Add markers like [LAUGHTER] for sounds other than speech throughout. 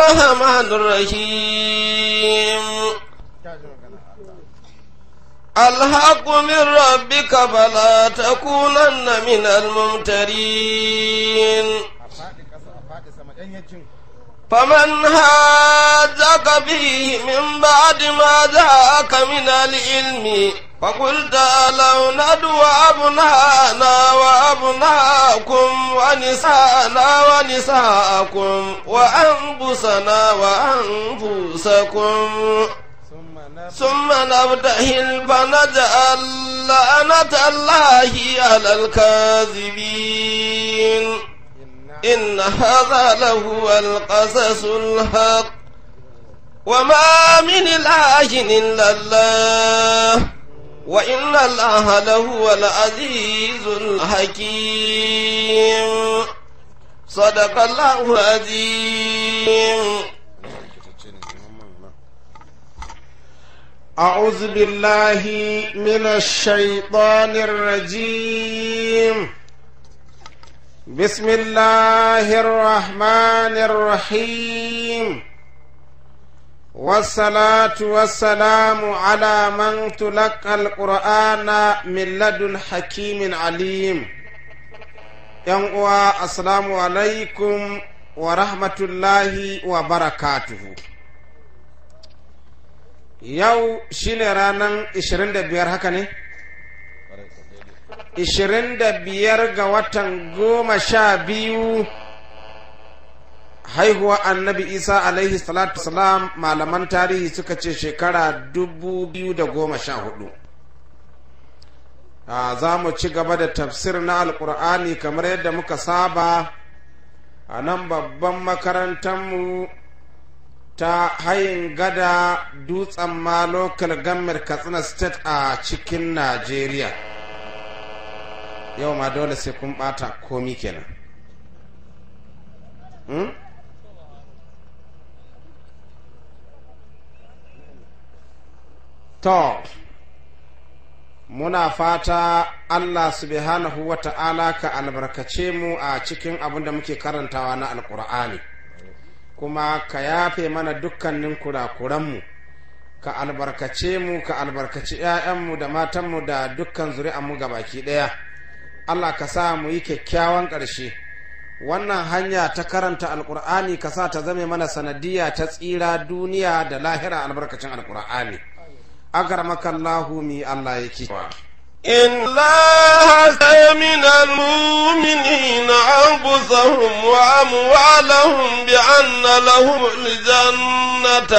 الرحمن الرحيم الحق من ربك فلا تكونن من الممترين فمن هاجك به من بعد ما جاءك من العلم فقلت لو ندوا أبناءنا وأبناءكم ونساءنا ونساءكم وأنفسنا وأنفسكم ثم نبتهل فنجعل لعنة الله على الكاذبين إن هذا لهو القصص الحق وما من إله إلا الله وإن الله لهو العزيز الحكيم صدق الله العظيم أعوذ بالله من الشيطان الرجيم بسم الله الرحمن الرحيم والصلاة والسلام على من تلقى القرآن من لدن حكيم عليم ينقوى السلام عليكم ورحمة الله وبركاته يو شين رانا اشرين دبير هكاني اشرين دبير watan غوما شابيو haihuwa annabi isa alaihi salatu salam malaman tarihi suka ce shekara da goma sha 2014 ah, za mu ci gaba da tafsir na alkur'ani kamar yadda muka saba a nan babban makarantarmu ta hayin gada dutsen ma local government katsina state a cikin nigeria yau ma dole sai kun bata komi kenan hmm? to muna fata allah subhanahu wa ta'ala ka albarkace mu a cikin abin da muke karantawa na alkur'ani kuma ka yafe mana dukkanin kurakuranmu ka albarkace mu ka albarkaci 'ya'yanmu da matanmu da dukkan zuri'anmu ga baki ɗaya allah ka sa mu yi kyakkyawan ƙarshe wannan hanya ta karanta alkur'ani ka sa ta zame mana sanadiyya ta tsira duniya da lahira albarkacin alkur'ani الله مي الله يكي إن الله من المؤمنين أنفسهم وأموالهم بأن لهم الجنة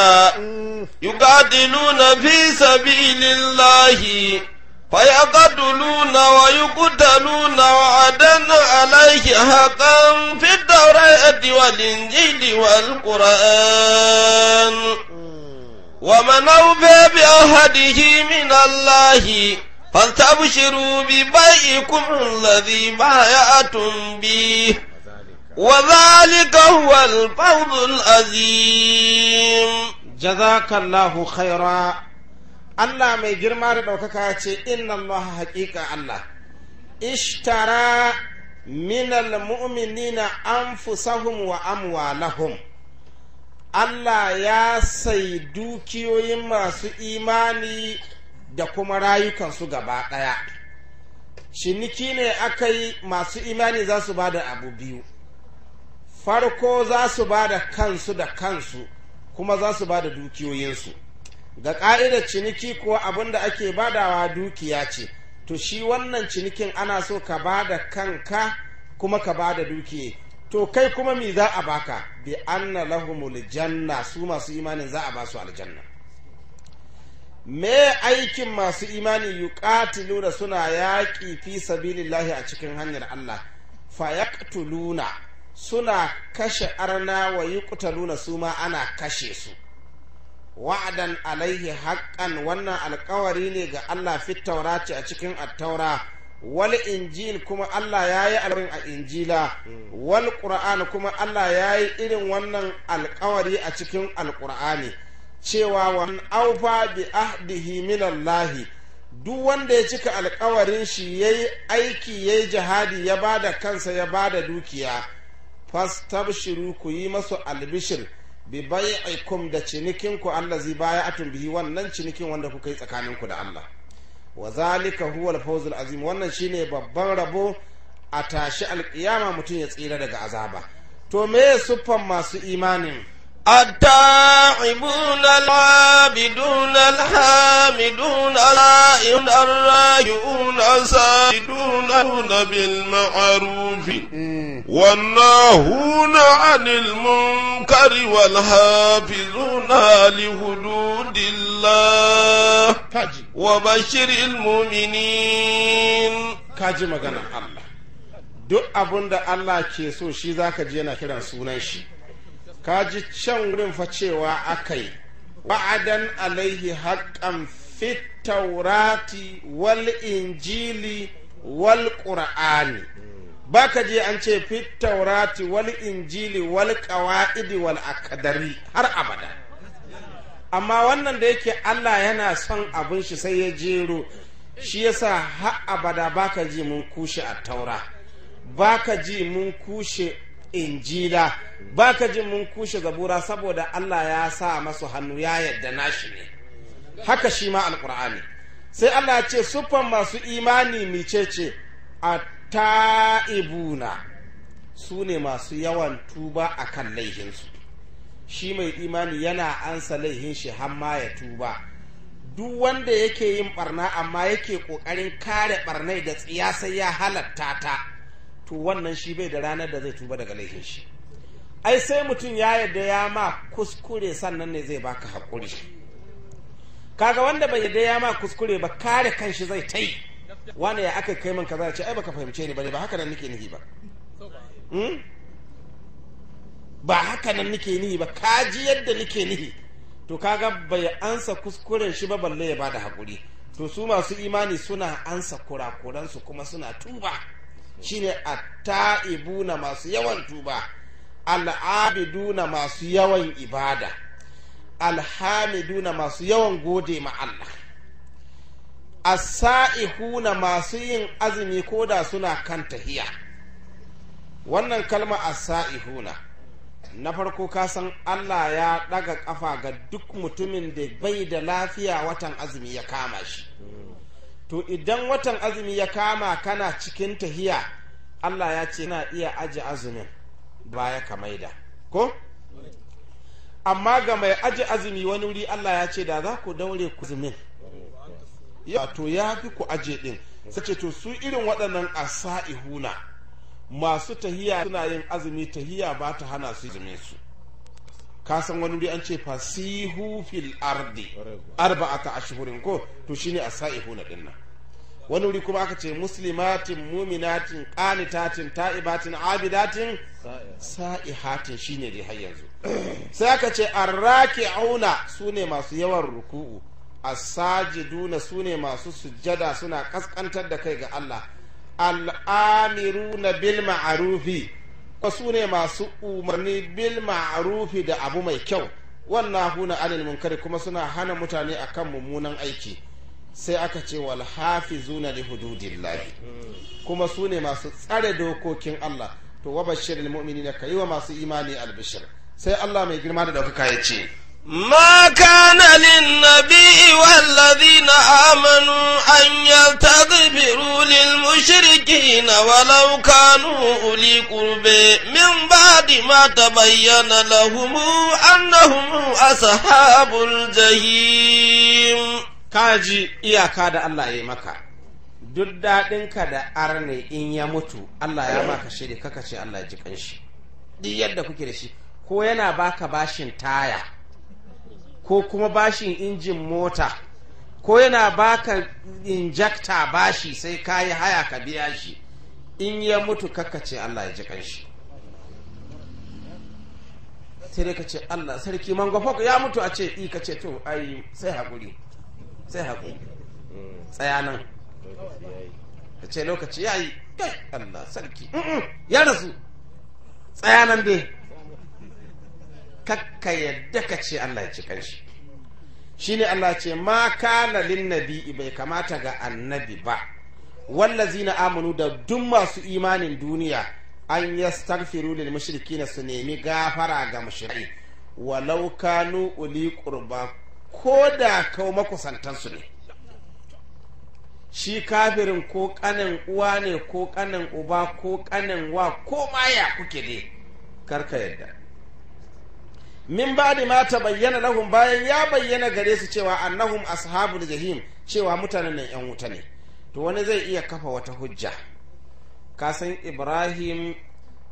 يقاتلون في سبيل الله فيقتلون ويقتلون وعدا عليه حقا في التوراة والإنجيل والقرآن ومن أوفى بعهده من الله فاستبشروا ببيعكم الذي بايعتم به وذلك هو الفوز العظيم جزاك الله خيرا الله mai girma da ɗaukaka ce inna Allah haƙiƙa Allah ishtara minal mu'minina anfusahum wa amwalahum Allah ya sai dukiyoyin masu imani da kuma rayukansu gaba ɗaya ciniki ne aka yi masu imani za su ba da abu biyu farko za su ba da kansu da kansu kuma za su ba da dukiyoyinsu ga ƙa'idar ciniki kuwa abin da ake badawa dukiya ce to shi wannan cinikin ana so ka ba da kanka kuma ka ba da dukiya to kai kuma mi za a baka bi anna lahumul janna su masu imanin za a ba su aljanna me aikin masu imani yuqatilu da suna yaƙi fi sabilillahi a cikin hanyar Allah fayaqtuluna suna kashe arna wa yuqtaluna su ma ana kashe su wa'adan alaihi haqqan wannan alƙawari ne ga Allah fit taurati a cikin attaura wal injil kuma Allah ya yi alwarin a injila wal ƙura'ani kuma Allah ya yi irin wannan alƙawari a cikin alƙur'ani cewa wani aufa bi ahdihi minallahi duk wanda ya cika alƙawarin shi ya yi aiki ya yi jihadi ya ba da kansa ya ba da dukiya fastabshiru ku yi masu albishir bi bai'ikum da cinikinku allah zai baya atun bihi wannan cinikin wanda kuka yi tsakaninku da Allah wa zalika huwa al azim wannan shine babban rabo a tashi alkiyama mutum ya tsira daga azaba to me siffan masu imanin التائبون العابدون الحامدون الائمون الراجعون الساجدون بالمعروف والناهون عن المنكر والحافظون لحدود الله وبشر المؤمنين كاجي مغانا الله دو abin الله كيسو ke so shi zaka ji yana ka ji can wurin facewa cewa yi wa'adan alaihi haƙƙan fit taurati wal injili wal ba baka je an ce fit taurati wal injili wal ƙawa'idi wal akadari har abada amma wannan da yake Allah yana son abin shi sai ya jero shi yasa har abada baka ji mun kushe a taura baka ji mun kushe injila ba ka jin mun kushe zabura saboda Allah ya sa masu hannu ya yadda nashi ne haka shi ma alkur'ani sai Allah ya ce sufan masu imani micece a ta'ibuna su ne masu yawan tuba a kan laihinsu shi mai imani yana ansa laihin shi hamma ya tuba duk wanda yake yin barna amma yake ƙoƙarin kare barnai da tsiya sai ya halatta ta to wannan shi bai da ranar da zai tuba daga laifin shi ai sai mutum ya yarda ya ma kuskure sannan ne zai baka haƙuri kaga wanda bai yarda ya ma kuskure ba kare kanshi zai ta yi wani ya aka kai min kaza ya ce ai baka fahimce ni ba ba haka nan nake nihi ba hmm? ba haka nan nake nihi ba ka yadda nake nihi to kaga bai ansa kuskuren shi ba balle ya bada haƙuri to su masu imani suna ansa kurakuransu kuma suna tuba shine ta'ibu na masu yawan tuba na masu yawan ibada alhamidu na masu yawan gode ma Allah as na masu yin azumi ko da suna kan tahiya wannan kalma as na, na farko kasan Allah ya daga kafa ga duk mutumin da bai da lafiya watan azumi ya kama shi to idan watan azumi ya kama kana cikin tahiya Allah ya ce na iya aji azumin ya ka maida ko amma ga mai aji azumi wani wuri Allah ya ce da za ku daure ku zumin ya to ya fi ku aje din sace to su irin waɗannan asa'ihuna masu tahiya suna yin azumi tahiya ba ta hana su zumin su ka san wani wuri an ce fasihu fil ardi arba'ata ashhurin ko to shine asa'ihuna huna wani wuri kuma aka ce muslimatin muminatin qanitatin ta'ibatin abidatin sa'ihatin shine dai har yanzu [CLEARS THROAT] sai aka ce arraki'una sune masu yawan ruku'u as-sajiduna sune masu sujjada suna kaskantar da kai ga Allah al'amiruna bil ma'arufi sune masu umarni bil rufi da abu mai kyau wannan huna anil munkari kuma suna hana mutane akan mummunan aiki sai aka ce walhafi zuna da kuma su ne masu tsare dokokin Allah to wa bashir al-mu'mini wa masu imani al sai Allah mai girma da ɗaukaka ya ce ma kana lin nabi walladhina amanu an yaltaghiru lil mushrikin walau kanu uli qurbi min ba'di ma tabayyana lahum annahum ashabul jahim kaji iyaka da Allah ya yi maka duk daɗinka da arne in ya mutu Allah ya maka shi da kaka ce Allah ya ji kanshi duk yadda kuke da shi ko yana baka bashin taya ko kuma bashin injin mota ko yana baka injakta bashi sai ka yi haya ka biya shi in ya mutu kaka ce Allah ya ji kanshi sai dai ka ce Allah sarki mangwafo ya mutu a ce i ka ce to ai sai haƙuri sai haƙuri tsaya nan ka ce lokaci ya yi kai allah sarki ya rasu tsaya nan dai kakka yadda ka ce allah ya ci kanshi ne allah ce ma kana lin bai kamata ga annabi ba zina amanu da duk masu imanin duniya an yastaghfiru lil mushrikina su nemi gafara ga mashirai walau kanu uli kurba ko da kau makusantansu ne shi kafirin ko kanin uwa ne ko kanin uba ko kanin wa ko maya kuke ne karka yadda min ba da mata bayyana lahum bayan ya bayyana gare su cewa annahum ashabul jahim cewa mutanen nan yan wuta ne to wani zai iya kafa wata hujja kasan ibrahim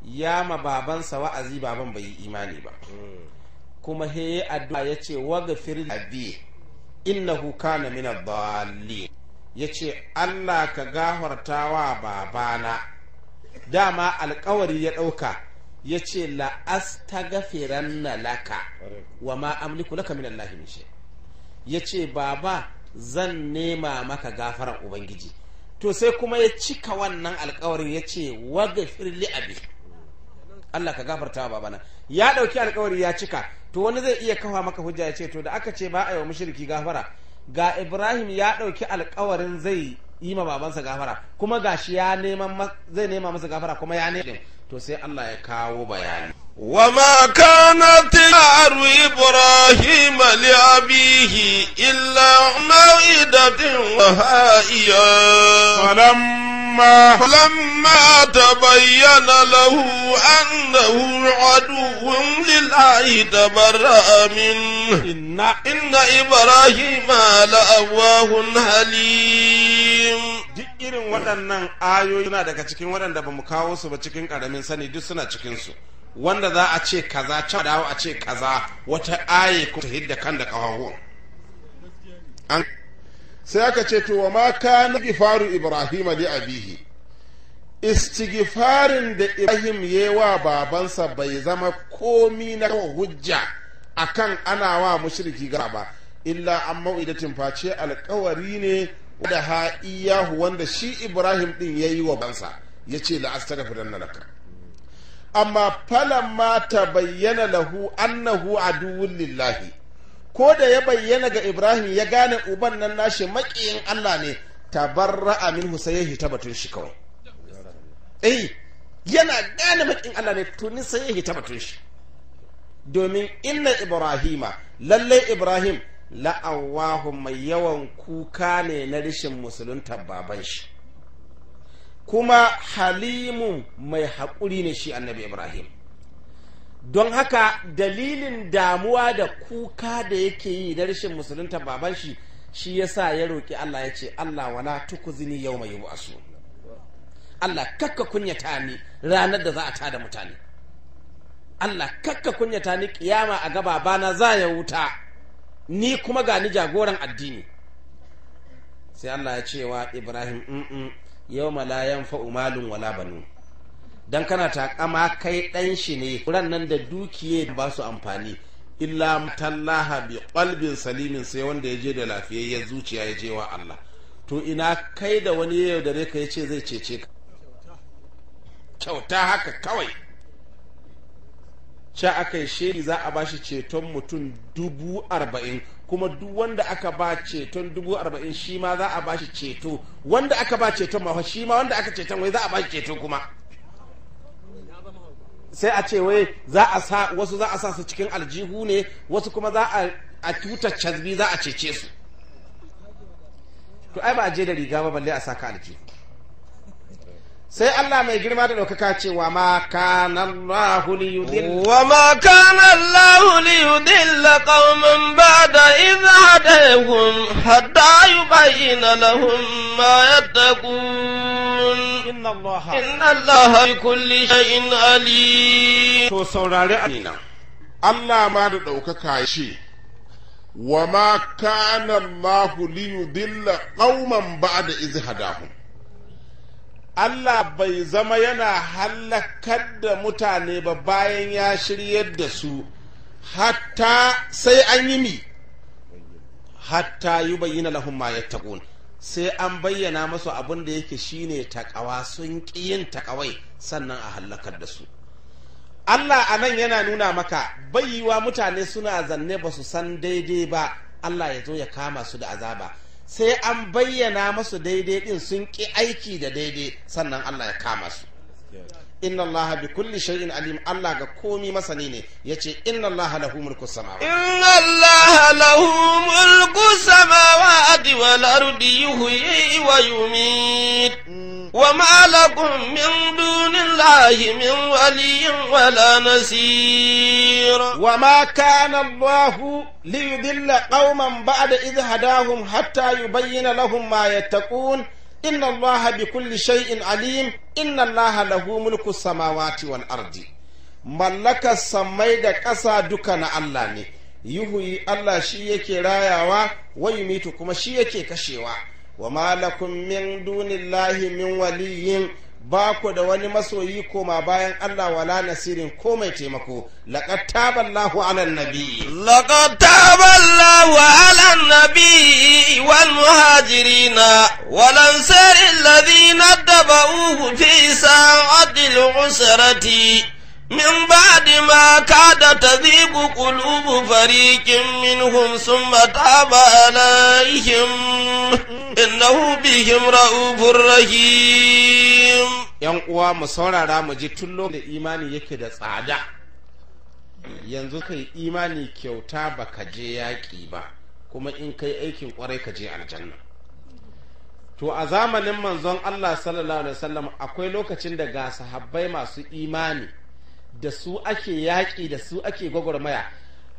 ya ma babansa wa'azi baban bai yi imani ba hmm. kuma he addu'a ya ce firin abi innahu kana min ad ya ce Allah ka gafarta wa babana dama alkawari ya ɗauka ya ce ta na laka wa ma amliku laka min Allah min ya ce baba zan nema maka gafaran ubangiji to sai kuma ya cika wannan alkawarin ya ce waga firin abi Allah ka gafarta wa babana ya ɗauki alkawari ya cika to wani zai iya kafa maka hujja ya ce to da aka ce ba a yi wa mushriki gafara ga Ibrahim ya ɗauki alkawarin zai yi ma babansa gafara kuma gashi ya neman zai nema masa gafara kuma ya ne to sai Allah ya kawo bayani wa kana كانت ibrahim li abihi illa ma'idatin wa ha'iya ثم فلما تبين له أنه عدو لله تبرأ منه إن, إن إبراهيم لأواه حليم duk irin waɗannan ayoyi suna daga cikin waɗanda ba mu kawo su ba cikin ƙaramin sani duk suna cikinsu wanda za a ce kaza can dawo a ce kaza wata aye ku ta hidda kan da ƙafafuwan sai aka ce to wa ma na gifaru ibrahim li abihi istigifarin da ibrahim ya wa babansa bai zama komi na hujja akan ana wa mushriki gara ba illa an mau'idatin face alkawari ne da ha iyahu wanda shi ibrahim din ya yi wa bansa ya ce la'astaghfiranna laka amma falamma ta bayyana lahu annahu aduwwun lillahi ko da ya bayyana ga ibrahim ya gane uban nan nashi maƙiyin allah ne tabarra'a minhu sai ya hita batun shi kawai eh yana gane makiyin allah ne tuni sai ya hita batun shi domin inna ibrahima lallai ibrahim la'awahu mai yawan kuka ne na rishin musulunta baban shi kuma halimu mai haƙuri ne shi annabi ibrahim don haka dalilin damuwa da kuka da yake yi na rashin musulunta baban shi shi yasa ya roƙi Allah ya ce Allah wala tukuzini yau mai asu Allah kakka kunyata ni ranar da za a tada mutane Allah kakka kunyata ni kiyama a gaba bana za ya wuta ni kuma ga ni jagoran addini sai Allah ya ce wa Ibrahim yau la yanfa'u malun wala banu don kana takama kai dan shi ne ran nan da dukiye ba su amfani illa tallaha bi qalbin salimin sai wanda ya je da lafiyayyen zuciya ya je wa Allah to ina kai da wani yau da ka yace zai cece ka kyauta haka kawai sha aka yi shiri za a bashi ceton mutum dubu arba'in kuma duk wanda aka ba ceton dubu arba'in shi ma za a bashi ceto wanda aka ba ceton ma shi ma wanda aka ceton wai za a bashi ceto kuma sai a ce wai za a sa wasu za a sa su cikin aljihu ne wasu kuma za a a tutar cazbi za a cece su to ai ba a je da riga ba balle a saka aljihu sai Allah mai girma da ɗaukaka ce wa ma kana Allah li wa ma kana Allah li yudilla qauman ba'da idh hadahum hatta yubayyana lahum ma yattaqun inna Allah inna Allah bi kulli shay'in alim to saurare amina Allah ma da ɗaukaka shi wa ma kana Allah li yudilla qauman ba'da idh hadahum Allah bai zama yana halakar da mutane ba bayan ya shiryar da su hatta sai an yi mi hatta yi bayyana lahun ma sai an bayyana masu abin da yake shine takawa sun ƙi yin takawai sannan a hallakar da su Allah a nan yana nuna maka bayiwa mutane suna zanne ba su san daidai ba Allah ya zo ya kama su da azaba sai an bayyana masu daidai din sun ƙi aiki da daidai sannan Allah ya kama su inna allaha bi kulli shay'in alim allah ga komi masani ne yace inna allaha lahu mulku samawati inna allaha lahu mulku samawati wal ardi yuhyi wa yumit wa ma lakum min دون الله من ولي ولا نصير وما كان الله ليضل قوما بعد إذ هداهم حتى يبين لهم ما يتقون إن الله بكل شيء عليم إن الله له ملك السماوات والأرض ملك السمي دا كسا دكنا الله ني يهوي الله شي يكي رايوا ويميت كما شي يكي كشيوا وما لكم من دون الله من ولي ba ku da wani masoyi koma bayan Allah wala nasirin ko mai taimako laqad taballahu ala nabi laqad taballahu ala nabi wal muhajirina wal ansari alladhina tabauhu fi sa'atil usrati من بعد ما كاد تذيب قلوب فريق منهم ثم تاب عليهم إنه بهم رؤوف رحيم ‘Yan uwa mu saurara mu ji tullo da imani yake da tsada, yanzu kai imani kyauta ba ka je yaƙi ba, kuma in kai aikin ƙwarai ka je aljanna. To a zamanin manzon Allah sallallahu Alaihi wasallam akwai lokacin da ga sahabbai masu imani da su ake yaƙi da su ake gwagwarmaya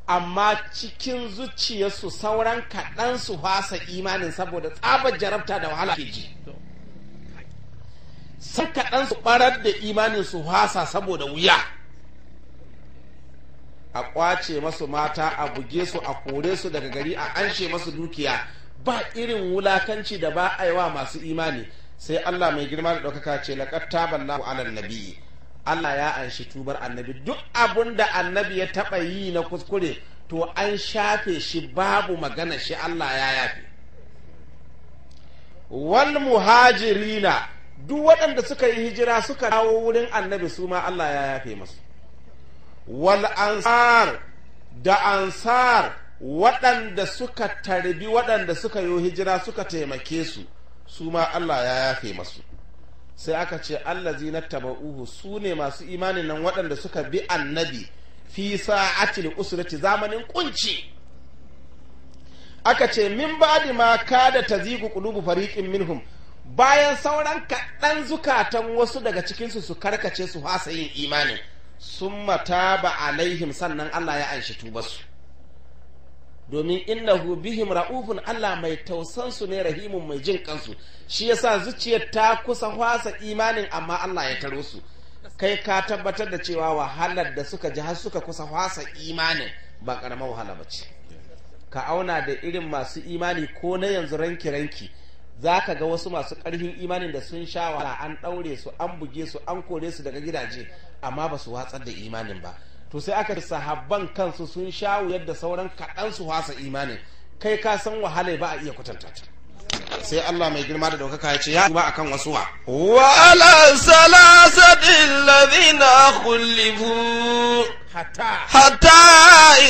amma cikin zuciyarsu sauran kaɗan su fasa imanin saboda tsabar jarabta da wahala ke ji sai kaɗan su ɓarar da imanin su fasa saboda wuya a ƙwace masu mata a buge su a kore su daga gari a anshe masu dukiya ba irin wulakanci da ba a yi wa masu imani sai allah mai girma da ɗaukaka ce laƙar ballahu na alal nabi Allah ya anshi tubar annabi duk abun da annabi ya taɓa yi na kuskure to an shafe shi babu magana shi Allah ya yafe wal muhajirina duk waɗanda suka yi hijira suka dawo wurin annabi su ma Allah ya yafe masu wal ansar da ansar waɗanda suka tarbi waɗanda suka yi hijira suka taimake su su ma Allah ya yafe masu sai aka ce allazi na taba'uhu su ne masu imanin nan waɗanda suka bi annabi fi sa'atil usrati zamanin kunci aka ce min ni ma kada tazigu Kulubu fariqin minhum bayan sauran kaɗan zukatan wasu daga cikinsu su karkace su hasa yin imanin sun mata ba alaihim sannan Allah ya anshi tubasu domin innahu bihim ra'ufun Allah mai tausansu ne rahimun mai jin kansu shi yasa zuciyar ta kusa hwasa imanin amma Allah ya taro su kai ka tabbatar da cewa wahalar da suka ji har suka kusa hwasa imanin ba karamar wahala ba ce ka auna da irin masu imani ko na yanzu ranki ranki za ka ga wasu masu karfin imanin da sun sha wahala an ɗaure su an buge su an kore su daga gidaje amma ba su watsar da imanin ba to sai aka sahabban kansu sun sha yadda sauran kaɗan su hasa imanin kai ka san wahalai ba a iya kwatanta sai Allah mai girma da daukaka ya ce ya ba akan wasu wa wa ala salasatil ladina khulifu hatta hatta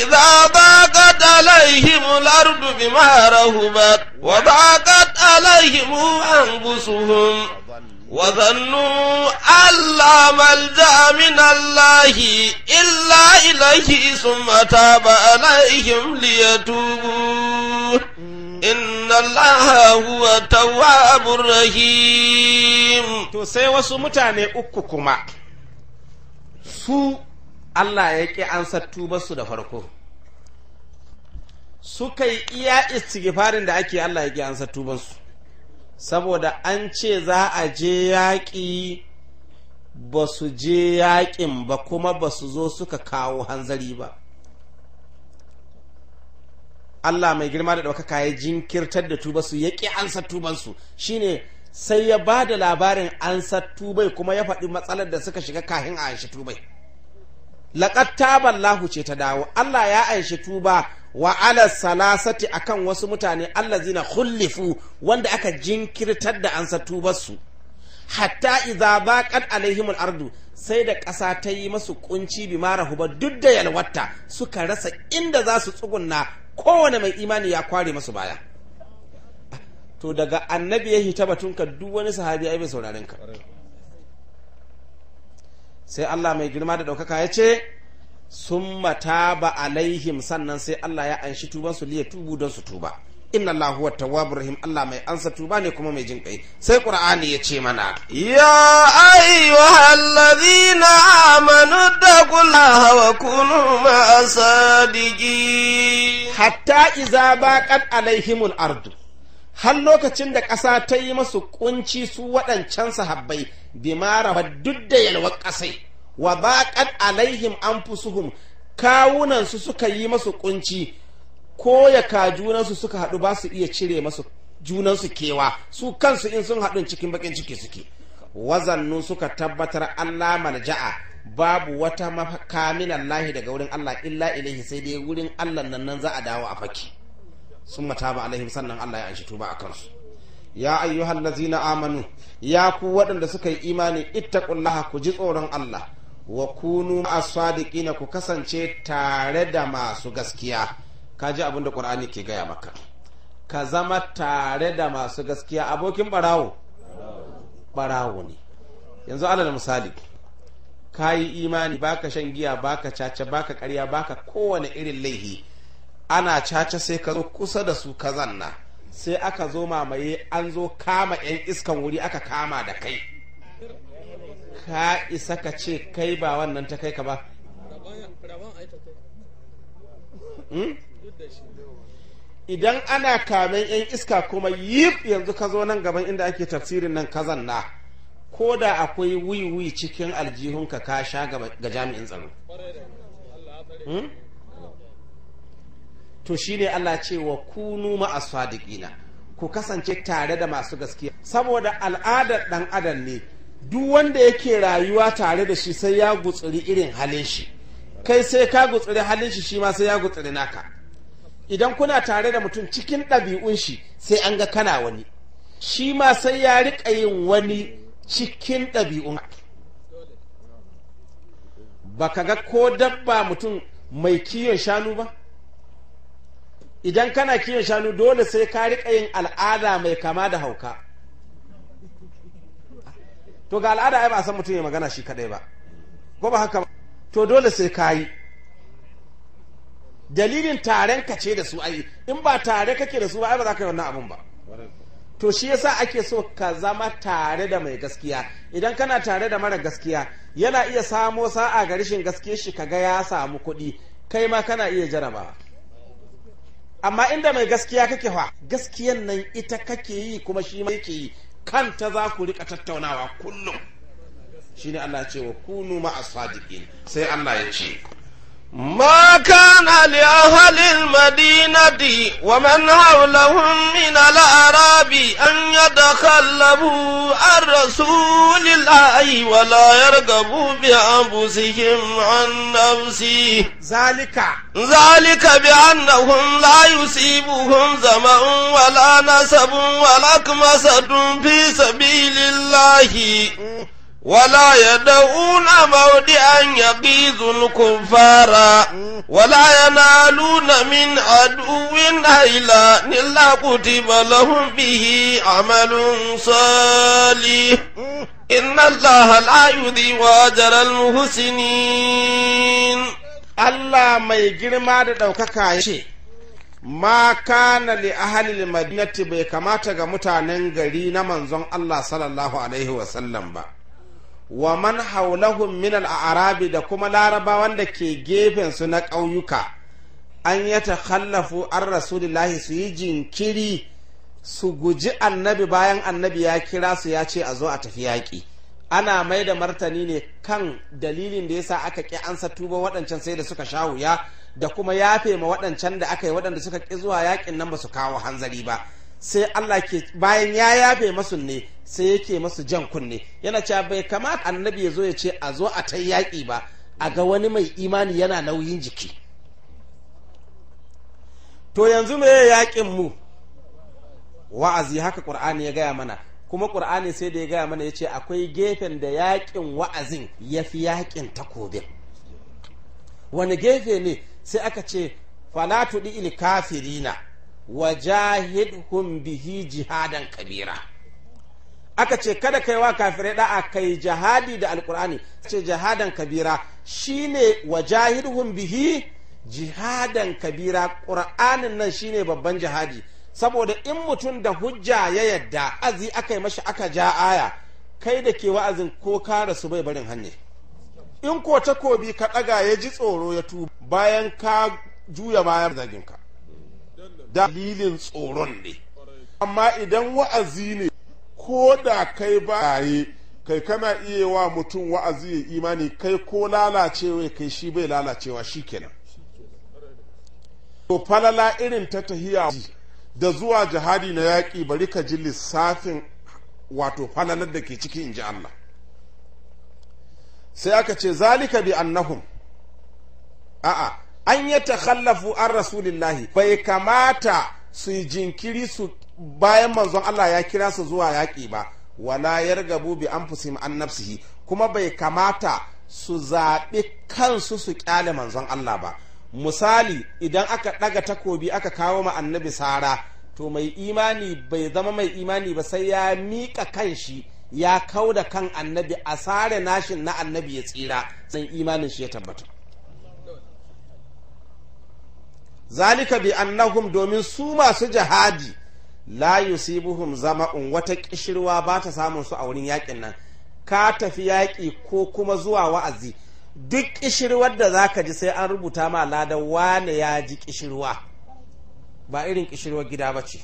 idza daqat alaihim al bima rahubat wa an alaihim anfusuhum وظنوا أن لا ملجأ من الله إلا إليه ثم تاب عليهم ليتوبوا إن الله هو التواب الرحيم to sai wasu mutane uku kuma su Allah ya ƙi an sattu su da farko suka yi iya istighfarin da ake Allah ya ƙi an sattu su saboda an ce za a je yaƙi ba su je yaƙin ba kuma ba su zo suka kawo hanzari ba Allah mai girma da ɗaukaka ya jinkirtar da tuba su ya ƙi ansa tubansu shine sai ya ba da labarin ansa tubai kuma ya faɗi matsalar da suka shiga kahin a shi tubai laqad taballahu ce ta dawo Allah ya aishi tuba wa ala salasati akan wasu mutane allah zina hullifu wanda aka jinkirtar da ansa tubarsu. hatta idza baqat alaihim ardu sai da ƙasa ta yi masu kunci bi mara huba duk da yalwata suka rasa inda za su tsugunna kowane mai imani ya kware masu baya to daga annabi ya hita batunka duk wani sahabi ai bai sauraren ka sai Allah mai girma da ɗaukaka ya ce sun mata ba alaihim sannan sai Allah ya anshi tuban su liya tubu don su tuba inna Allah huwa tawwabur rahim Allah mai ansa tuba ne kuma mai jin kai sai Qur'ani ya ce mana ya ayyuhalladhina amanu taqullaha wa kunu ma'as hatta iza baqat alaihimul ardu har lokacin da ƙasa ta yi masu ƙunci su waɗancan sahabbai bimara ba duk da yalwar ƙasai wa baƙat alaihim anfusuhum kawunansu suka yi masu ƙunci ko ya ka junansu suka haɗu ba su iya cire masu junansu kewa su kansu in sun haɗu cikin baƙin ciki suke wazannu suka tabbatar Allah malja'a babu wata mafaka min allahi daga wurin Allah illa ilaihi sai dai wurin Allah nan nan za a dawo a faki sun taba alaihim sannan Allah ya anshi tuba a kansu ya ayyuhal na amanu ya ku waɗanda suka yi imani ittaqullaha ku ji tsoron Allah wa kunu as-sadiqina ku kasance tare da masu gaskiya kaji abin da Qur'ani ke gaya maka ka zama tare da masu gaskiya abokin barawo barawo ne yanzu alal misali ka yi imani baka shan giya baka caca baka karya baka kowane irin laihi ana caca sai ka zo kusa da su ka zanna sai aka zo mamaye an zo kama 'yan iskan wuri aka kama da kai ka isa ka ce kai ba wannan ta kai ka ba hmm? idan ana kamen 'yan iska kuma yi yanzu ka zo nan gaban inda ake tafsirin nan ka zanna ko da akwai wiwi cikin aljihunka ka sha ga jami'in tsaro hmm? to shine Allah ce wa kunu a sadiƙina ku kasance tare da masu gaskiya saboda al'adar ɗan adam ne duk wanda yake rayuwa tare da shi sai ya gutsuri irin halin shi kai sai ka gutsuri halin shi shi ma sai ya gutsuri naka idan kuna tare da mutum cikin ɗabi'un shi sai an ga kana wani shi ma sai ya riƙa yin wani cikin ɗabi'un ba ka ga ko dabba mutum mai kiyon shanu ba idan kana kiwon shanu dole sai ka riƙa yin al'ada mai kama da hauka to ga al'ada ai ba san mutum ya magana shi kadai ba ko ba haka to dole sai ka yi dalilin taren ka ce da su ai in ba tare kake da su ba ai ba za ka yi wannan abun ba to shi yasa ake so ka zama tare da mai gaskiya idan kana tare da mara gaskiya yana iya samo sa'a ga rashin gaskiyar shi kaga ya samu kuɗi kai ma kana iya jarabawa amma inda mai gaskiya kake fa gaskiyan nan ita kake yi kuma shi ma yake yi kanta za ku rika tattaunawa kullum shine Allah ya ce wa kunu ma'a sadiqin sai Allah ya ce ما كان لأهل المدينة ومن حولهم من الأعراب أن يتخلفوا الرسول الله ولا يرغبوا بأنفسهم عن نفسه ذلك ذلك بأنهم لا يصيبهم ظمأ ولا نسب ولا كمسة في سبيل الله ولا يدعون مودعا يغيظ الكفار ولا ينالون من عدو نيلا إلا كتب لهم به عمل صالح إن الله لا يذي واجر المحسنين الله ما يجري ما دعوك شيء ما كان لأهل المدينة بيكماتك متعنين kamata ga الله صلى الله عليه وسلم sallallahu wa man haulahum min al'arabi da kuma laraba wanda ke gefen su na ƙauyuka an ya takhallafu an rasulillahi su yi jinkiri su guji annabi bayan annabi ya kira su ya ce a zo a tafi yaƙi ana mai da martani ne kan dalilin da yasa aka ƙi ansa tuba waɗancan sai da suka sha wuya da kuma yafe ma waɗancan da aka yi waɗanda suka ƙi zuwa yaƙin nan ba su kawo hanzari ba sai Allah ke bayan ya yafe masu ne sai yake masu jan kunne yana cewa bai kamata annabi ya zo ya ce a zo a ta yaƙi ba a ga wani mai imani yana nauyin jiki to yanzu me yaƙin mu wa'azi haka ƙur'ani ya gaya mana kuma ƙur'ani sai da ya gaya mana ya ce akwai gefen da yaƙin wa'azin ya fi yaƙin takobin wani gefe ne sai aka ce fanatu tuɗi kafirina wa bihi jihadan kabira aka ce kada kai wa kafirai da'a kai jihadi da alkur'ani ce jihadan kabira shine wa bihi jihadan kabira qur'anin nan shine babban jihadi saboda in mutum da hujja ya yadda azi aka yi mashi aka ja aya kai da ke wa'azin ko ka rasu bai barin hanye in ko takobi ka ɗaga ya ji tsoro ya tuba bayan ka juya bayan zaginka dalilin tsoron ne amma idan wa'azi ne ko da kai ba yi kai kana iya wa mutum wa'azi ya imani kai ko lalacewa kai shi bai lalacewa shi kenan to falala irin ta tahiya da zuwa jihadi na yaƙi bari ka ji lissafin wato falalar da ke ciki in ji Allah sai aka ce zalika bi annahum a'a an ya takhallafu an rasulillahi bai kamata su yi jinkiri su bayan manzon Allah ya kira su zuwa yaƙi ba wala yargabu bi anfusihim an nafsihi kuma bai kamata su zaɓi kansu su ƙyale manzon Allah ba misali idan aka ɗaga takobi aka kawo ma annabi sara to mai imani bai zama mai imani ba sai ya miƙa kan shi ya kau da kan annabi a sare nashin na annabi ya tsira sai imanin shi ya tabbata zalika bi annahum domin su masu jihadi la yusibuhum zama'un wata kishirwa ba ta samun su a wurin yakin nan ka tafi yaƙi ko kuma zuwa wa'azi duk kishirwar da za ka ji sai an rubuta ma lada wane ya ji kishirwa ba irin kishirwar gida ba ce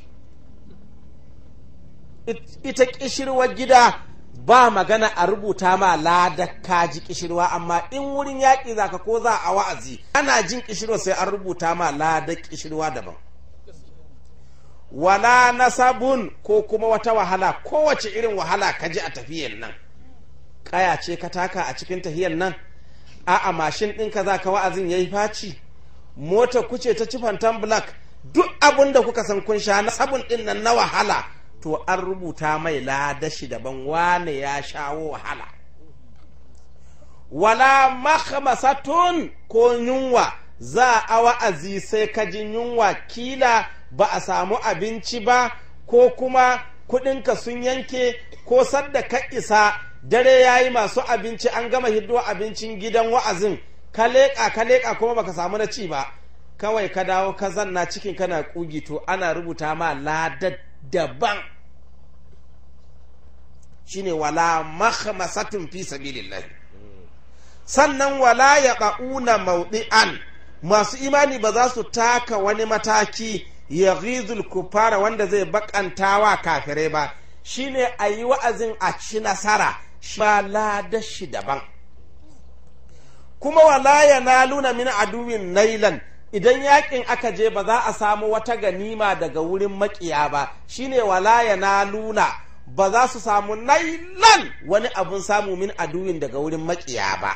ita kishirwar gida ba magana a rubuta ma ladar ka ji kishirwa amma in wurin yaƙi zaka ko za a wa'azi ana jin kishirwa sai an rubuta ma ladar kishirwa daban wala sabun ko kuma wata wahala kowace irin wahala ka ji a tafiyan nan kaya ce ka taka a cikin tafiyar nan a'a mashin ɗinka za ka wa'azin ya yi faci mota kuce ta ci fantan black duk abin da kuka san kun sha na sabon ɗin nan na wahala to an rubuta mai ladashi daban wane ya shawo wahala wala makhmasatun ko yunwa za a wa'azi sai ka ji yunwa kila ba a samu abinci ba ko kuma kudinka sun yanke ko sadda ka isa dare ya yi masu abinci an gama hiddo abincin gidan wa'azin ka leƙa ka leƙa kuma baka samu na ci ba kawai ka dawo ka zanna cikin kana ƙugi. to ana rubuta ma ladar daban shine wala makhmasatun fi sabilillah sannan wala yaqauna mawdi'an masu imani ba za su taka wani mataki ya ghizul kufara wanda zai bakantawa kafire ba shine a yi wa'azin a ci nasara shi ba lada shi daban kuma wala ya naluna min aduwin nailan idan yakin aka je ba za a samu wata ganima daga wurin makiya ba shine wala ya luna. ba za su samu nailan wani abin samu min aduyin daga wurin makiya ba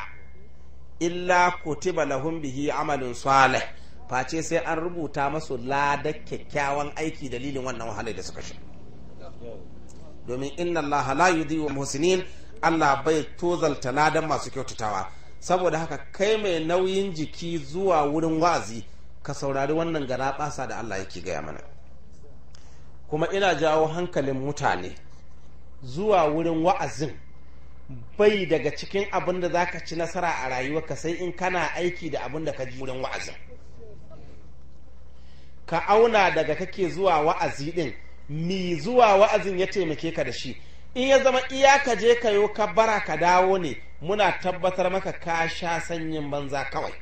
illa kutiba lahum bihi amalin salih face sai an rubuta masu lada kyakkyawan aiki dalilin wannan wahalar da suka sha domin inna Allah la yudhi'u muhsinin Allah bai tozalta ladan masu kyautatawa saboda haka kai mai nauyin jiki zuwa wurin wazi ka saurari wannan gara basa da Allah yake gaya mana kuma ina jawo hankalin mutane zuwa wurin wa'azin bai daga cikin abin da za ci nasara a rayuwarka sai in kana aiki da abin da ka ji wurin wa'azin ka auna daga kake zuwa wa'azi din mi zuwa wa'azin ya taimake ka da shi in ya zama iya ka je ka yo ka bara ka dawo ne muna tabbatar maka ka sha sanyin banza kawai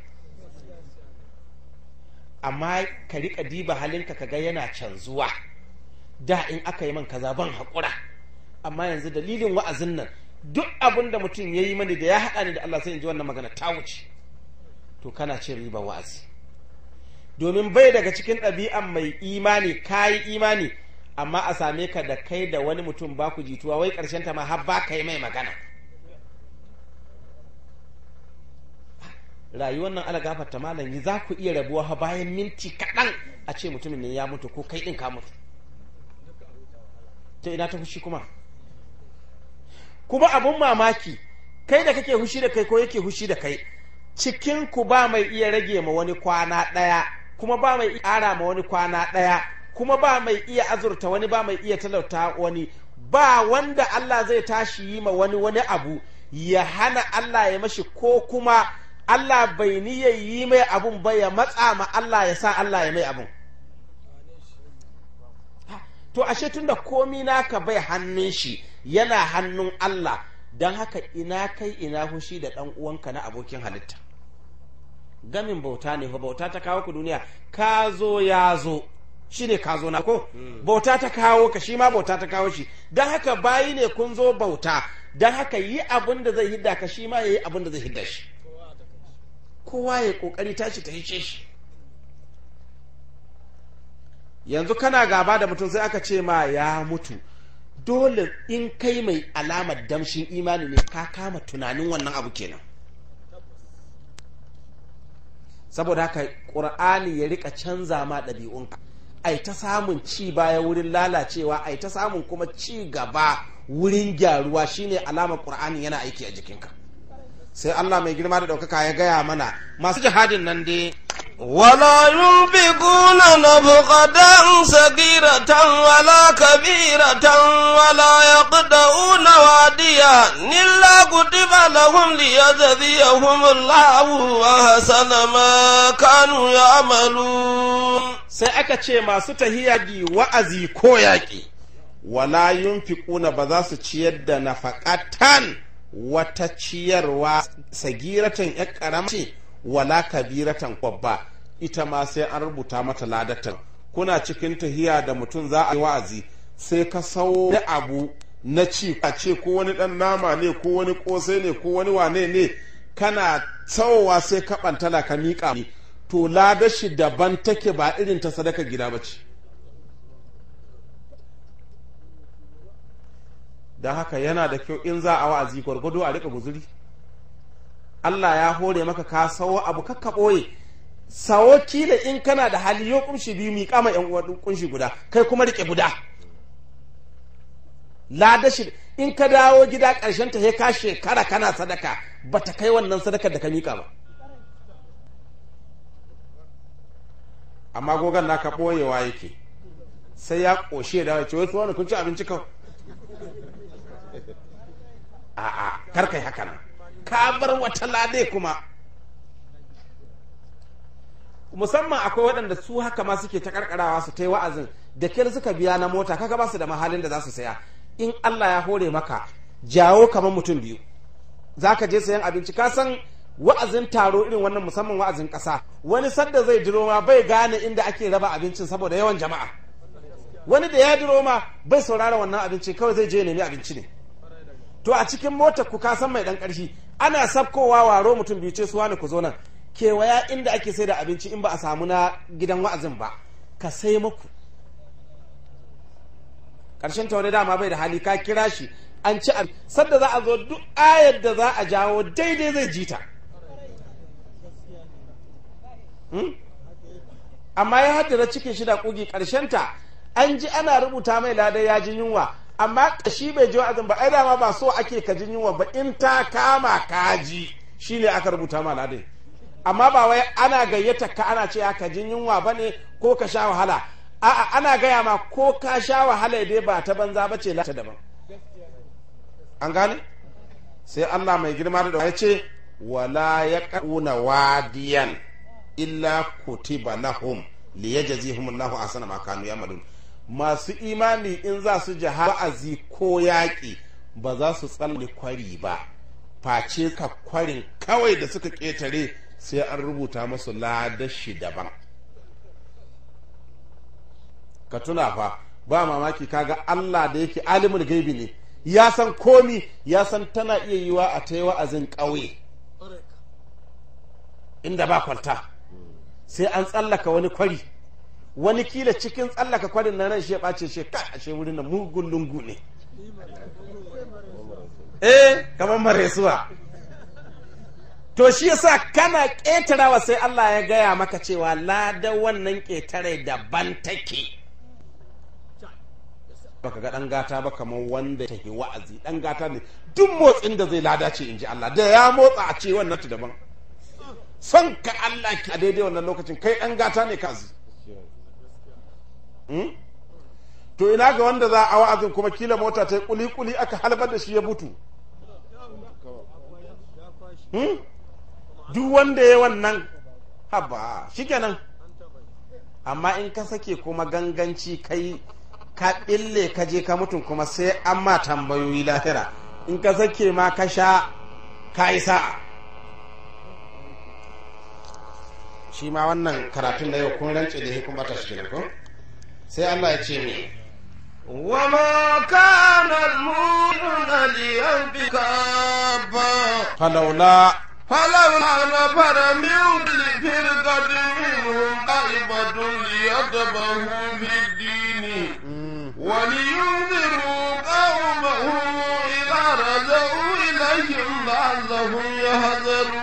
amma ka riƙa diba halinka ka ga yana canzuwa da in aka yi man kaza ban haƙura amma yanzu dalilin wa'azin nan duk abin da mutum ya yi mani da ya haɗa ni da Allah sai in ji wannan magana ta wuce to kana ce riba wa'azi domin bai daga cikin ɗabi'an mai imani kayi imani amma a same ka da kai da wani mutum ba ku jituwa wai ƙarshen ta ma har ba ka yi mai magana rayuwar nan alagafar ta malam yi za ku iya rabuwa ha bayan minti kaɗan a ce mutumin ne ya mutu ko kai ɗin ka mutu ta ina ta fushi kuma kuma abun mamaki kai da kake hushi da kai ko yake hushi da kai cikin ku ba mai iya rage ma wani kwana ɗaya kuma ba mai iya ƙara ma wani kwana ɗaya kuma ba mai iya azurta wani ba mai iya talauta wani ba wanda Allah zai tashi yi ma wani wani abu ya hana Allah ya mashi ko kuma Allah bai niyya yi mai abun ba ya matsa ma Allah ya sa Allah ya mai abun to ashe tunda komi naka bai hannun shi yana hannun Allah don haka ina kai ina hushi da ɗan uwanka na abokin halitta gamin bauta ne bauta ta kawo ku duniya ka zo ya zo shi ne ka zo na ko hmm. bauta ta kawo ka shi ma bauta ta kawo shi don haka bayi ne kun zo bauta don haka yi abin da zai hidda ka shi ma ya yi abin da zai hidda shi kowa ya kokari tashi ta hice shi yanzu kana gaba da mutum sai aka ce ma ya mutu dole in kai mai alamar damshin imani ne ka kama tunanin wannan abu kenan saboda haka ƙur'ani ya rika canza ma ɗabi'unka ai ta samun ci baya wurin lalacewa ai ta samun kuma ci gaba wurin gyaruwa shine alamar ƙur'ani yana aiki a jikinka sai allah mai girma da ɗaukaka ya gaya mana masu jihadin nan dai ولا ينفقون نفقة صغيرة ولا كبيرة ولا يقدعون واديا إلا كتب لهم ليجزيهم الله أحسن ما كانوا يعملون sai aka ce masu tahiyagi wa'azi ko yaƙi wala yunfiquna ba za su ciyar da nafaƙatan wata ciyarwa sagiratan ƴar ƙarama ce wala kabiratan babba ita ma sai an rubuta mata ladatar kuna cikin tahiya da mutum za a yi wa'azi sai ka sawo abu na ci a ce ko wani dan nama ne ko wani kosai ne ko wani wane ne kana tsawowa sai ka bantala ka miƙa ne to ladashi daban take ba irin ta sadaka gida ba ce don haka yana da kyau in za a wa'azi gwargwado a riƙa guzuri Allah ya hore maka ka sawo abu kakka ɓoye sawo kila in kana da hali yo kunshi biyu mi kama yan uwa kunshi guda kai kuma rike guda ladashi in ka dawo gida karshen ta sai ka shekara kana sadaka bata kai wannan sadakar da ka mika ba amma na ka boyewa yake sai ya koshe da ce wasu wani kun ci abinci kawai [LAUGHS] a'a kar kai haka nan ka bar wata lade kuma musamman akwai waɗanda su haka ma suke ta karkarawa su ta yi wa'azin da ke suka biya na mota kaka ba su da mahalin da za su saya in Allah ya hore maka jawo kamar mutum biyu za ka je sayan abinci ka san wa'azin taro irin wannan musamman wa'azin ƙasa wani sanda zai diro ma bai gane inda ake raba abincin saboda yawan jama'a wani da ya diro ma bai saurara wannan abinci kawai zai je nemi abinci ne to a cikin mota ku ka san mai dan ƙarfi ana sabkowa waro mutum biyu ce su wani ku zo nan kewaya inda ake sai da abinci in ba a samu na gidan wa'azin ba ka sai maku ƙarshen ta wani dama bai da hali ka kira shi an ci an sadda za a zo duk ayar da za a jawo daidai zai jita hmm? amma ya haddada cikin shida kugi ta an ji ana rubuta mai ladai ya ji yunwa amma shi bai ji wa'azin ba ai dama ba so ake ka ji yunwa ba in ta kama kaji ne aka rubuta ma ladai amma ba wai ana gayyata ka ana ce ah, ka jin yunwa ba ne ko ka sha wahala a'a ana gaya ma ko ka sha wahala dai ba ta banza ba ce lata daban an gane sai Allah mai girma da ya ce wala ya ƙauna wadiyan illa kutiba lahum liyajzihum Allahu ahsana ma kanu yamalun masu imani in za su jaha ba'azi ko yaƙi ba za su tsalli kwari ba face ka kwarin kawai da suka ƙetare sai an rubuta masa ladashi daban ka tuna fa ba mamaki kaga Allah da yake alimul gaibi ne ya san komi ya san tana iya yiwa a ta yi wa'azin ƙauye inda ba kwanta sai an tsallaka wani kwari wani kila cikin tsallaka kwarin na nan shi ya ɓace shi na mugun lungu ne eh kamar maresuwa to shi yasa kana ƙetarawa sai Allah ya gaya maka cewa lada wannan ƙetare daban take baka ga ɗan gata ba kamar wanda take wa'azi ɗan gata ne duk motsin da zai lada ce in ji Allah da ya motsa a ce wannan ta daban son ka Allah ki a daidai wannan lokacin kai ɗan gata ne kazi hmm? to ina ga wanda za a wa'azin kuma kila mota ta yi kuli-kuli aka halbar da shi ya butu hmm? duk wanda ya wannan haba shikenan amma in ka sake kuma ganganci kai ka ɓille ka je ka mutum kuma sai an ma tambayoyi lafira in ka sake ma ka sha ka yi sa'a shi ma wannan karatun da yau kun rance da hikun bata shi ko sai Allah ya ce mi وما كان المؤمن لينفق فلولا فلما نفر من فرقة منهم طائفة ليتبهوا في الدين ولينذروا إذا رجعوا إليهم لعلهم يهذرون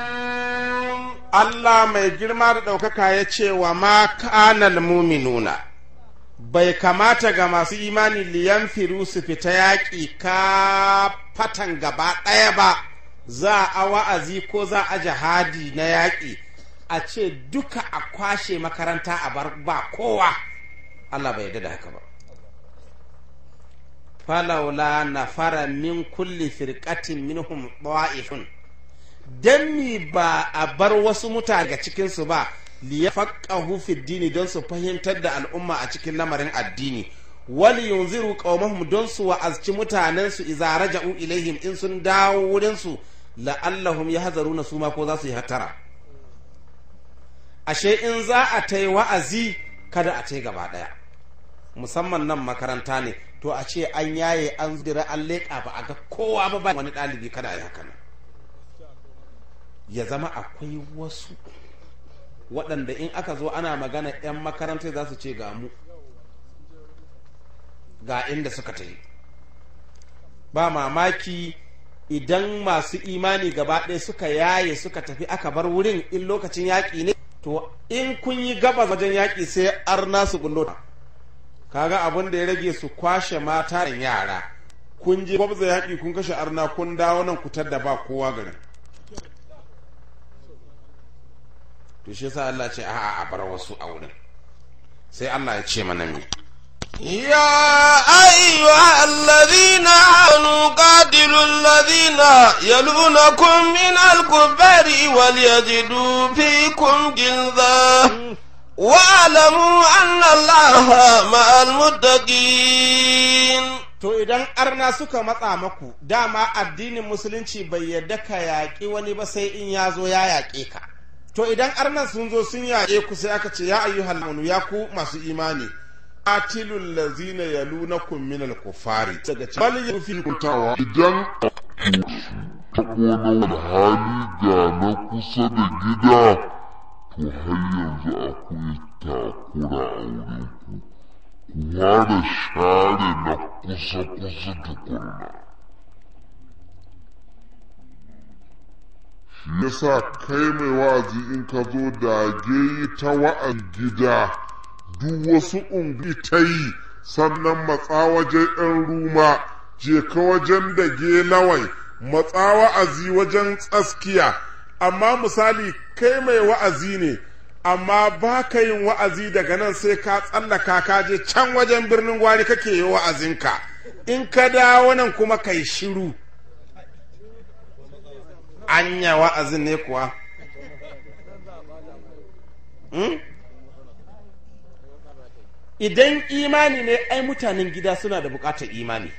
Allah mai girma da ɗaukaka ya ce wa ma mumi muminuna bai kamata ga masu imani liyan firu su fita yaƙi ka fatan gaba ɗaya ba za a wa'azi ko za a jihadi na yaƙi a ce duka a kwashe makaranta a bar ba kowa Allah bai yarda da haka ba falaula fara min kulli firqatin minhum da'ifun dan mi ba a bar wasu mutane ga cikinsu su ba li yafaqahu fi dini don su fahimtar da al'umma a cikin lamarin addini wali yunziru qaumahum don su wa'azci mutanen su idza raja'u ilaihim in sun dawo wurinsu. la'allahum yahzaruna su ma ko za su yi hattara ashe in za a ta yi wa'azi kada a ce gaba daya musamman nan makaranta ne to a ce an yaye an zira an leƙa ba a ga kowa ba ba wani ɗalibi kada ya haka ya zama akwai wasu waɗanda in aka zo ana magana 'yan makarantar za su ce ga mu ga inda suka ta yi ba mamaki idan masu imani gaba ɗaya suka yaye suka tafi aka bar wurin in lokacin yaƙi ne to in kun yi gaba wajen yaƙi sai arna su bullo kaga abin da ya rage su kwashe mata da yara kun je gwabza yaƙi kun kashe arna kun dawo nan ku da ba kowa gari to shi sa Allah ce a'a a bar wasu a wurin sai Allah ya ce mana me يا أيها الذين آمنوا قاتلوا الذين يلونكم من الكفار وليجدوا فيكم جلدا واعلموا أن الله مع المتقين To idan arna suka matsa maku dama addinin musulunci bai yarda ka yaƙi wani ba sai in ya zo ya yaƙe ka. To idan arna sun zo sun yaƙe ku sai aka ce ya ayyuhal ya ku masu imani qatilul lazina yalunakum min al kufari daga bal fi kutawa. idan ta kono hali ga na kusa da gida to har yanzu akwai takura a wurin ku kuma da share na kusa kusa da tukunna shi yasa kai mai wazi in ka zo da ta wa'an gida duk wasu ungu ta yi sannan matsa wajen ɗan ruma je ka wajen da gelawai matsa wa'azi wajen tsaskiya amma misali kai mai wa'azi ne amma ba ka yin wa'azi daga nan sai ka tsallaka ka je can wajen birnin gwari kake yi wa'azinka in ka dawo nan kuma ka yi shiru anya wa'azin ne kuwa hmm? idan imani ne ai mutanen gida suna da bukatar imani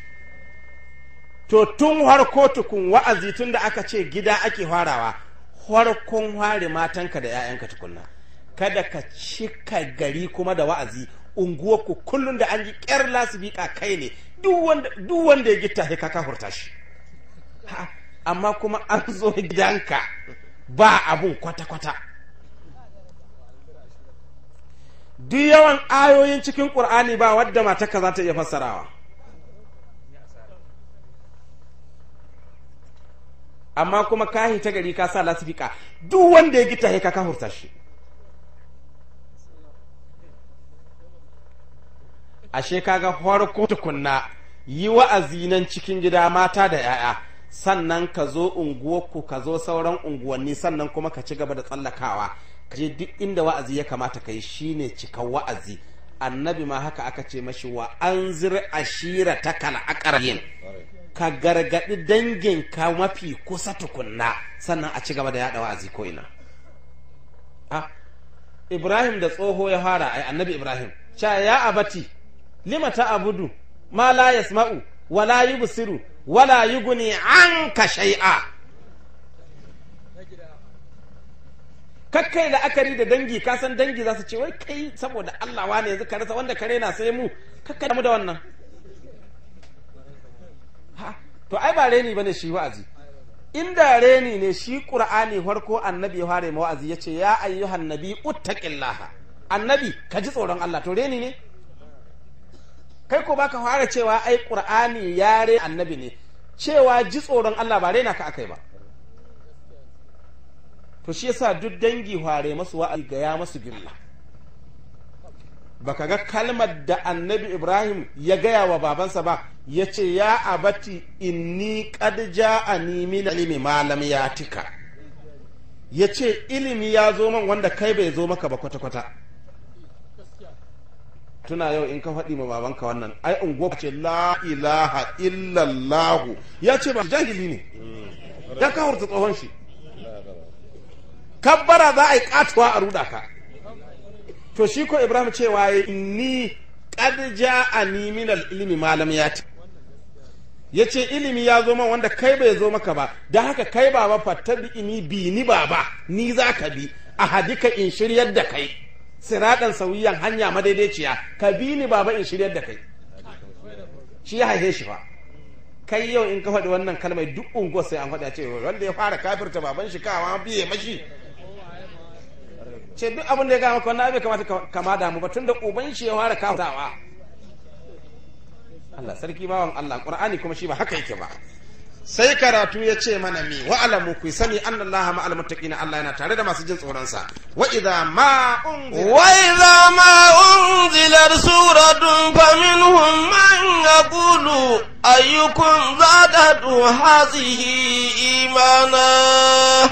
to tun harko tukun wa'azi tun da aka ce gida ake farawa harkon ware matanka da 'ya'yanka tukunna kada ka cika gari kuma da wa'azi unguwarku kullum da an yi ƙyar lasibika kai ne duk wanda ya gita ka kafurta shi amma kuma an zo gidanka ba abun kwata-kwata duk yawan ayoyin cikin ƙur'ani ba wadda matarka za ta iya fassarawa amma kuma kahi hita gari ka sa lasifika duk wanda ya gita ka hurta shi ashe shekaga farko tukunna yi wa'azi nan cikin gida mata da 'ya'ya sannan ka zo unguwarku ka zo sauran unguwanni sannan kuma ka ci gaba da tsallakawa je duk inda wa'azi ya kamata kai shine cika wa'azi annabi ma haka aka ce mashi wa An zira ashira takal yin. ka gargaɗi dangin ka mafi kusa tukunna sannan a ci gaba da yaɗa wa'azi ko ina ah Ibrahim da tsoho ya fara ai annabi Ibrahim cha ya abati lima ta abudu ma la yasma'u wala yubsiru wala yughni anka shay'a kakkai la'akari da dangi ka san dangi za su ce wai kai saboda Allah wane yanzu ka rasa wanda kare na sai mu kakkai mu da wannan ha to ai ba reni bane shi wa'azi inda reni ne shi qur'ani farko annabi ya fara ma wa'azi yace ya ayyuhan nabi uttaqillaha annabi ka ji tsoron Allah to reni ne kai ko baka fara cewa ai qur'ani re annabi ne cewa ji tsoron Allah ba rena ka akai ba to shi yasa duk dangi ware masu wa'azi ga ya masu girma baka ga kalmar da annabi ibrahim ya gaya wa babansa ba ya ce ya abati inni qad ja'ani min ilmi ma lam yatika ya ce ilimi ya zo man wanda kai bai zo maka ba kwata-kwata tuna yau in ka faɗi ma babanka wannan ai unguwa ce la ilaha illallahu. ya ce ba jahili ne ya mm. kawar tsohon shi kabbara za a yi katuwa a ruda ka to shi ko ibrahim cewa ya inni kadja a min ilimi malam ya lam ya ce ilimi ya zo man wanda kai bai zo maka ba da haka kai ba fattabi ini bi ni baba ni za ka bi a hadika in shiryar da kai siradan sauyiyan hanya madaidaiciya ka bi ni baba in shiryar da kai shi ya haife shi fa kai yau in ka faɗi wannan kalmai duk unguwar sai an faɗi a ce wanda ya fara kafirta baban shi kawa biye mashi ce duk abin da ya gama kwanna abin kamata kama damu ba da uban shi ya fara kawo Allah sarki bawan Allah Qur'ani kuma shi ba haka yake ba sai karatu ya ce mana mi wa alamu ku sani anna allaha ma'al muttaqina allah yana tare da masu jin tsoron sa wa idza ma unzila wa idza ma unzila suratun faminhum man yaqulu ayyukum zadatu hazihi imana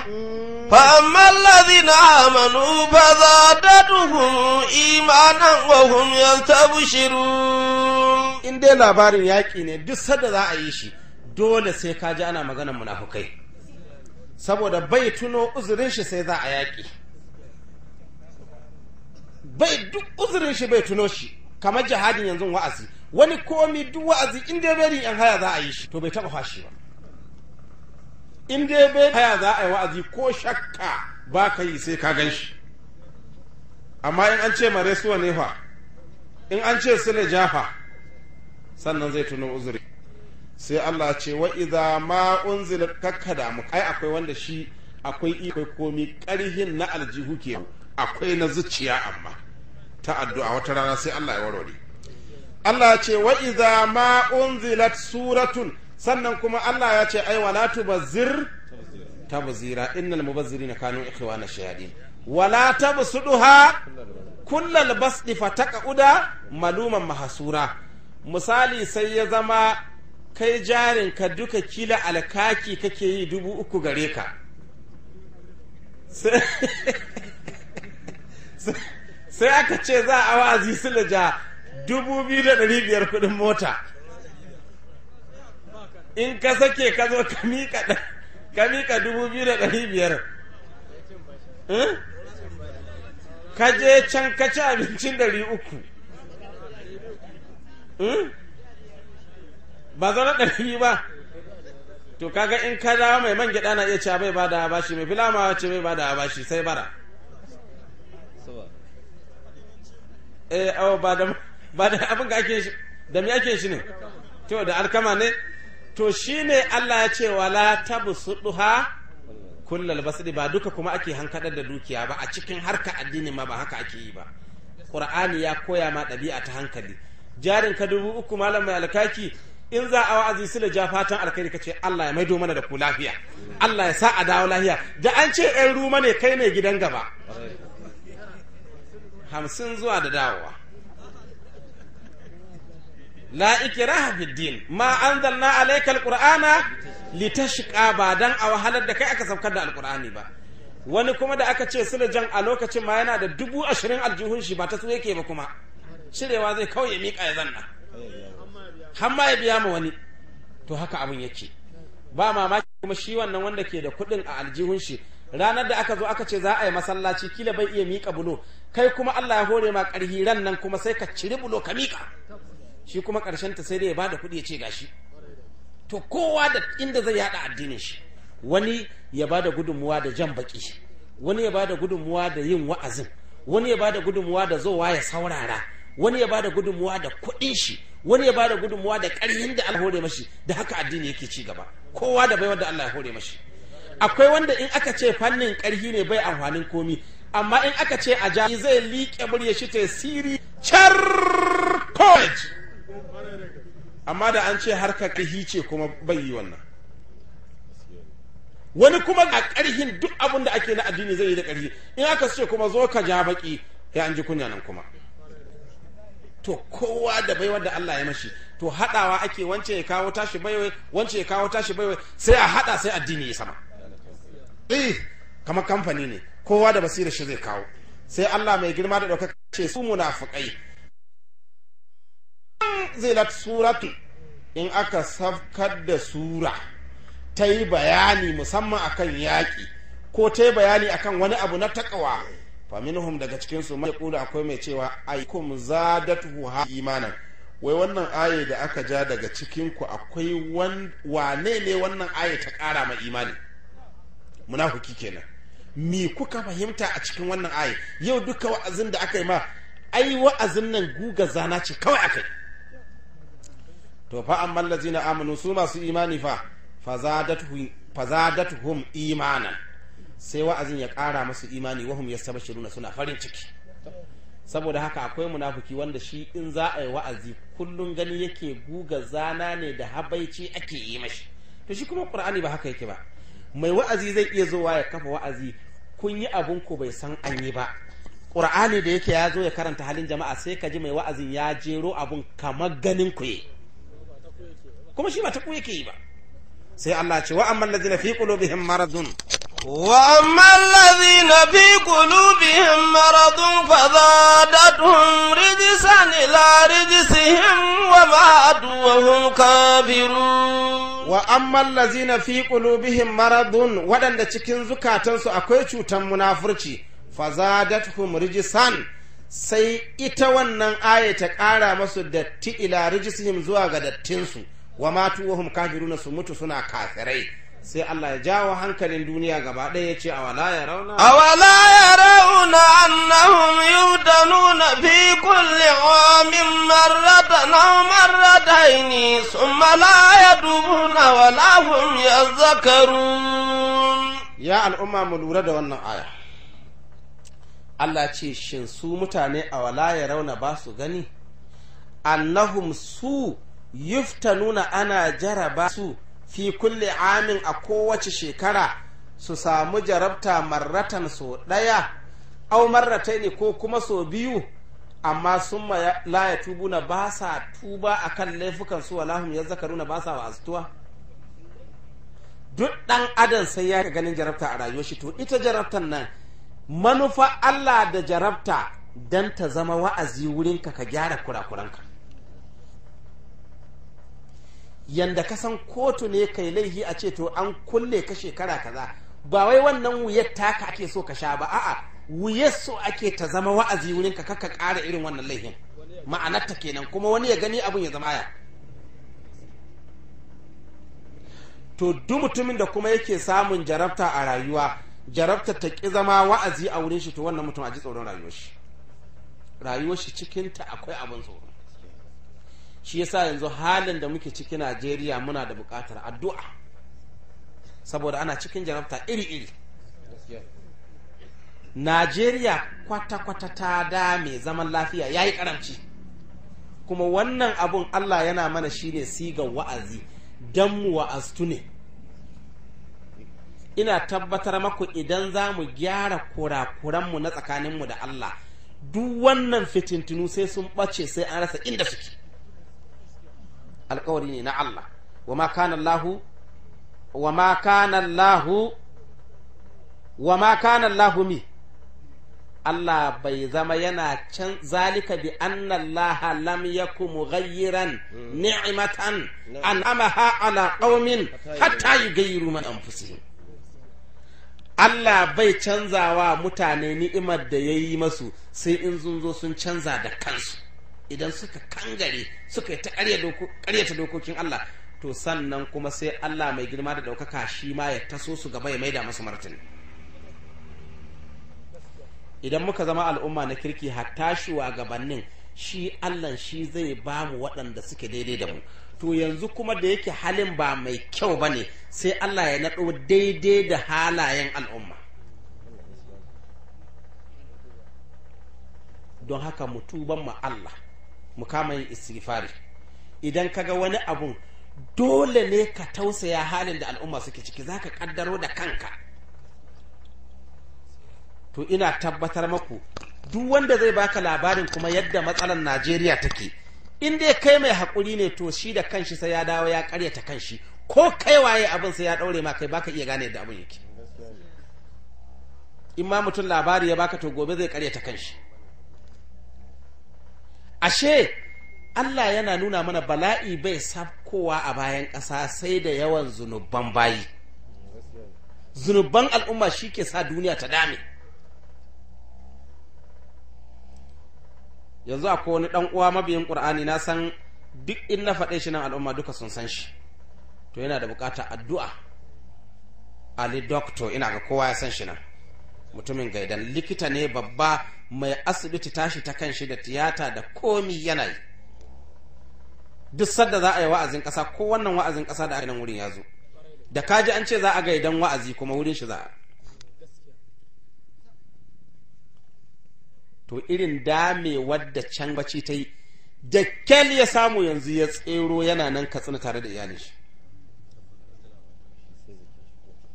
فأما الذين آمنوا فزادتهم إيمانا وهم يستبشرون إن Inde labarin ياكي ne duk sadda za a yi shi dole sai ka ji ana maganar munafukai saboda bai tuno uzurin shi sai za a yaƙi bai duk uzurin shi bai tuno shi kamar jihadin yanzu wa'azi wani komi duk wa'azi in dai bari yan haya za a yi shi to bai taɓa fashi ba in dai bai haya za a yi wa'azi ko shakka ba ka yi sai ka gan shi amma in an ce mare suwa ne fa in an ce su ne jafa sannan zai tuno uzuri sai Allah ce wa idza ma unzila kakkada mu ai akwai wanda shi akwai ikon komi karhin na aljihu ke akwai na zuciya amma ta addu'a wata rana sai Allah ya warware Allah ce wa idza ma unzilat suratun sannan kuma Allah ya ce ai wala tubazzir tabzira innal mubazzirina kanu ikhwana shayadin wala tabsuduha kullal basdi uda maluman mahasura misali sai ya zama kai jarin ka duka kila alkaki kake yi dubu uku gare ka sai aka ce za a wazi ja dubu biyu da ɗari biyar kuɗin mota in ka sake ka zo ka miƙa dubu biyu da ɗari biyar eh? ka je can ka ci abincin ɗari uku eh? ba zaune ɗari ba to kaga in ka dawo mai man gyaɗa na iya cewa bai bada bashi mai filama ce bai bada bashi sai bara eh awa ba da ba abin ake shi da me ake shi ne to da alkama ne to shine Allah ya ce wala tabsuduha kullal basdi ba duka kuma ake hankadar da dukiya ba a cikin harka addini ma ba haka ake yi ba qur'ani ya koya ma ɗabi'a ta hankali jarin ka dubu uku malam mai alkaki in za a wa'azi su da jafatan alkhairi kace Allah ya maido mana da ku lafiya Allah ya sa a dawo lafiya da an ce ɗan ruma ne kai ne gidan gaba hamsin zuwa da dawowa la ikraha fid din ma anzalna alayka alqur'ana litashqa ba dan a wahalar da kai aka saukar da alqur'ani ba wani kuma da aka ce su jan a lokacin ma yana da dubu ashirin aljihun shi ba ta su yake ba kuma cirewa zai kawai ya miƙa ya zanna har ma ya biya ma wani to haka abin yake ba mamaki kuma shi wannan wanda ke da kuɗin a aljihun shi ranar da aka zo aka ce za a yi masallaci kila bai iya mika bulo kai kuma Allah ya hore ma ƙarhi ran nan kuma sai ka ciri bulo ka mika. shi kuma ƙarshen ta sai dai ya bada kuɗi ya ce gashi to kowa da inda zai yada addinin shi wani ya bada gudunmuwa da jan baki wani ya bada gudunmuwa da yin wa'azin wani ya bada gudunmuwa da zowa ya saurara wani ya bada gudunmuwa da kuɗin shi wani ya bada gudunmuwa da ƙarhin da Allah hore mashi da haka addini yake ci gaba kowa da bai wanda Allah ya hore mashi akwai wanda in aka ce fannin ƙarhi ne bai amfanin komi amma in aka ce a jami zai liƙe murya shi ta siri char amma da an ce harkar ƙarhi ce kuma bai yi wannan wani kuma ga ƙarhin duk abin da ake na addini zai yi da ƙarhi in aka ce kuma zo ka ja baki ya an ji kunya nan kuma to kowa da bai da Allah ya mashi to haɗawa ake wance ya kawo tashi wai wance ya kawo tashi wai sai a hada sai addini ya sama eh kamar kamfani ne kowa da basira shi zai kawo sai Allah mai girma da ɗaukaka ce su munafiƙai zilat suratu in aka safkar da sura ta yi bayani musamman akan yaƙi ko ta yi bayani akan wani abu na takawa faminuhum daga cikin su mai kula akwai mai cewa aikum zadatuhu ha imanan wai wannan aye da aka ja daga cikin ku akwai wane ne wannan aye ta kara ma imani munafiki kenan me kuka fahimta a cikin wannan aye yau duka wa'azin da aka yi ma ai wa'azin nan guga zana ce kawai akai to fa amman lazina amanu su masu imani fa fazadatuhum imanan sai wa'azin ya ƙara masu imani wahum shiruna suna farin ciki saboda haka akwai munafuki wanda shi in za a yi wa'azi kullum gani yake guga zana ne da habaici ake yi mashi to shi kuma qur'ani ba haka yake ba mai wa'azi zai iya zowa ya kafa wa'azi kun yi abun bai san an yi ba qur'ani da yake ya zo ya karanta halin jama'a sai ka ji mai wa'azin ya jero abun kamar ganin ku kuma shi ba ta ku yake yi ba sai Allah ce wa amman ladina fi qulubihim maradun وأما الذين في قلوبهم مرض فزادتهم رجسا إلى رجسهم وماتوا وهم كافرون وأما الذين في قلوبهم maradun wadanda cikin zukatansu akwai cutan munafurci fazadatuhum rijisan sai ita wannan aya ta ƙara masu datti ila rijisihim zuwa ga dattinsu wa matu kafiruna su mutu suna kafirai sai Allah ya jawo hankalin duniya gaba ɗaya ya ce a ya rauna A ya rauna annahum na fi kulli amin na aw marratayn sun la yadubuna wa la hum yazakkarun ya al'umma mu lura da wannan aya Allah ce shin su mutane a ya rauna ba su gani annahum su yuftanuna ana jaraba su fi kulle amin a kowace shekara su samu jarabta marratan so ɗaya au marratai ne ko kuma so biyu amma sun la ya tubu na ba sa tuba a kan laifukan su walahum ya zakaru na ba sa wa'azutuwa duk ɗan adam sai ya ganin jarabta a rayuwar shi to ita jarabtan nan manufa Allah da jarabta don ta zama wa'azi wurinka ka gyara kurakuranka yanda ka san kotu ne kai laihi a ce to an kulle ka shekara kaza ba wai wannan wuyar taka ake so ka sha ba a'a wuyar so ake ta zama wa'azi wurin ka kakka ƙara irin wannan laifin ta kenan kuma wani ya gani abin ya zama ya to duk mutumin da kuma yake samun jarabta a rayuwa jarabta ta ƙi zama wa'azi a wurin shi to wannan mutum a ji tsoron rayuwar shi rayuwar shi cikinta akwai abin tsoro shi yasa yanzu halin da muke ciki najeriya muna da buƙatar addu'a saboda ana cikin jarabta iri-iri najeriya kwata-kwata ta dame zaman lafiya ya yi karamci kuma wannan abun allah yana mana shine sigan wa'azi don mu wa'aztu ne ina tabbatar maku idan za mu gyara kurakuranmu na tsakaninmu da allah duk wannan fitintunu sai sun ɓace sai an rasa inda suke alkawari ne na Allah wa ma kana mi Allah bai zama yana can zalika bi anna Allah lam yaku mughayyiran hmm. ni'matan an'amaha ala qaumin hatta yughayyiru an anfusihim Allah bai canzawa mutane ni'imar da ya yi masu sai in zunzo sun canza da kansu idan suka kangare suka yi ta karyata dokokin Allah to sannan kuma sai Allah mai girma da ɗaukaka shi ma ya taso su gaba ya maida masu martani idan muka zama al'umma na kirki hatta gabanin shi Allah shi zai ba mu waɗanda suke daidai da mu to yanzu kuma da yake halin ba mai kyau ba ne sai Allah ya naɗo daidai da halayen al'umma don haka mu tuba mu Allah mu kama yin istighfari idan kaga wani abun dole ne ka tausaya halin da al'umma suke ciki zaka kaddaro da kanka to ina tabbatar maku duk wanda zai baka labarin kuma yadda matsalar Najeriya take in dai kai mai haƙuri ne to shi da kanshi sai ya dawo ya karyata kanshi ko kai waye abin sai ya daure ma kai baka iya gane yadda abin yake in ma mutum labari ya baka to gobe zai karyata kanshi ashe Allah yana nuna mana bala'i bai sabkowa a bayan ƙasa sai da yawan zunuban bayi zunuban al'umma shi ke sa duniya ta dame yanzu akwai wani ɗan uwa mabiyin ƙur'ani na san duk in na faɗe shi nan al'umma duka sun san shi to yana da buƙatar addu'a ali doctor ina ga kowa ya san shi nan mutumin gaidan likita ne babba mai asibiti tashi ta kan shi da tiyata da komi yanayi. duk sadda za a yi wa'azin kasa ko wannan wa'azin kasa da aka nan wurin ya zo da kaji an ce za a gaidan wa'azi kuma wurin shi za a to irin dame wadda can bacci ta yi da kyal ya samu yanzu ya tsero yana nan katsina tare da iyalin shi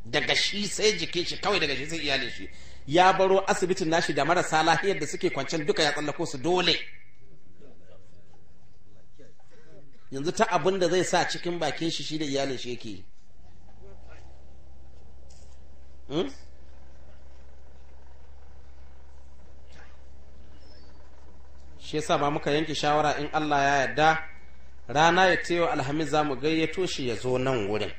daga shi sai jikin shi kawai daga shi sai iyalin shi ya baro asibitin nashi da marasa lahiyar da suke kwancen duka ya tsallako su dole yanzu ta abin da zai sa cikin bakin shi shi da iyalin shi yake hmm? shi yasa ba muka yanke shawara in Allah ya yarda rana ya tewa alhamis za mu gayyato shi ya zo nan wurin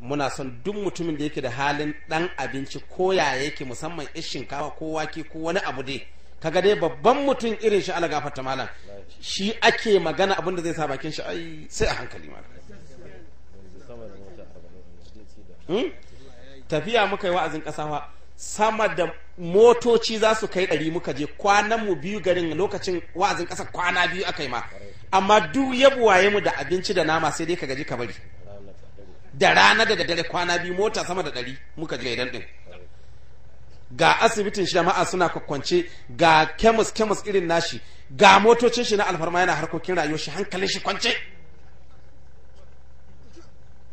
muna son duk mutumin da yake da halin dan abinci ko ya yake musamman ya shinkafa ko wake ko wani abu dai kaga dai babban mutum irin shi ala gafarta malam shi ake magana abin da zai sa bakin shi ai sai a hankali ma hmm? tafiya muka yi wa'azin kasawa sama da motoci za su kai ɗari muka je kwanan mu biyu garin lokacin wa'azin kasa kwana biyu aka yi ma amma duk yabuwaye mu da abinci da nama sai dai ka gaji ka bari da rana da dare kwana biyu mota sama da ɗari muka je idan ɗin ga asibitin shi jama'a suna kwakwance ga kemis kemis irin nashi ga motocin shi na alfarma yana harkokin rayuwar shi hankalin shi kwance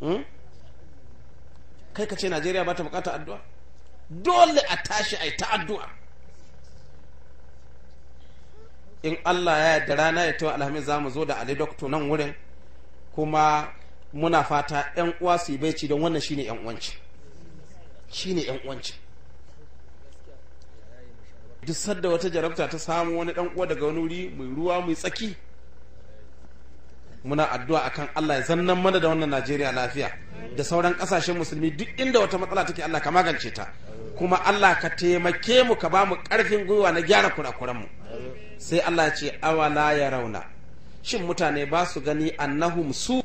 hmm? kai ka ce najeriya ba ta bukata addu'a dole a tashi a yi ta addu'a in allah ya yarda rana ya tawa alhamis za mu zo da ali dokto nan wurin kuma muna fata yan uwa su yi baici don wannan shine yan uwanci shine yan uwanci duk sadda wata jarabta ta samu wani dan uwa daga wani wuri mai ruwa mai tsaki muna addu'a akan Allah ya zannan mana da wannan Najeriya lafiya da sauran ƙasashen musulmi duk inda wata matsala take Allah ka magance ta kuma Allah ka taimake mu ka ba mu karfin gwiwa na gyara kurakuran mu sai Allah ya ce awala ya rauna shin mutane ba su gani annahum su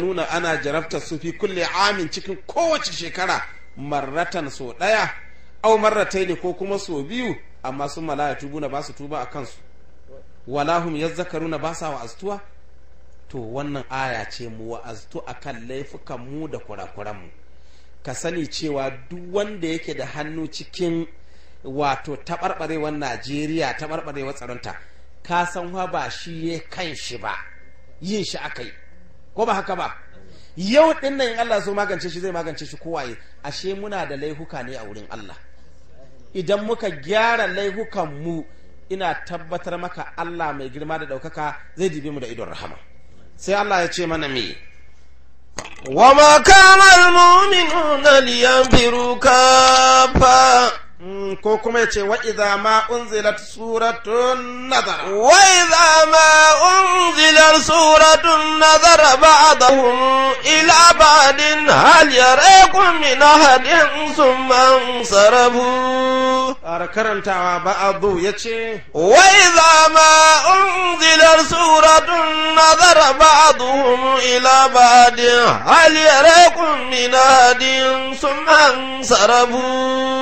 nuna ana jarabta su fi kulle amin cikin kowace shekara marratan so ɗaya au marratai ne ko kuma so biyu amma sun malaya tubuna ba su tuba a kansu walahum yazzakaruna ba sa wa'aztuwa to wannan aya ce mu wa'aztu akan laifukan mu da kurakuran mu ka sani cewa duk wanda yake da hannu cikin wato taɓarɓarewar najeriya taɓarɓarewar tsaronta ka san wa ba shi ya kan shi ba yin shi aka yi ko ba haka ba yau din nan in Allah so magance shi zai magance shi kowaye ashe muna da laihuka ne a wurin Allah idan muka gyara laihukan mu ina tabbatar maka Allah mai girma da ɗaukaka zai dibe mu da idon rahama sai Allah ya ce mana me Wa وما كان المؤمنون لينفروا fa. Mm, ko kuma yace wa idza ma unzilat suratun nadara wa idza ma unzilat suratun nadara ba'dahum ila ba'din hal yaraykum min ahadin thumma sarabu karantawa ba'du yace wa idza ma unzilat suratun nadara ba'dahum ila ba'din hal yaraykum min ahadin thumma sarabu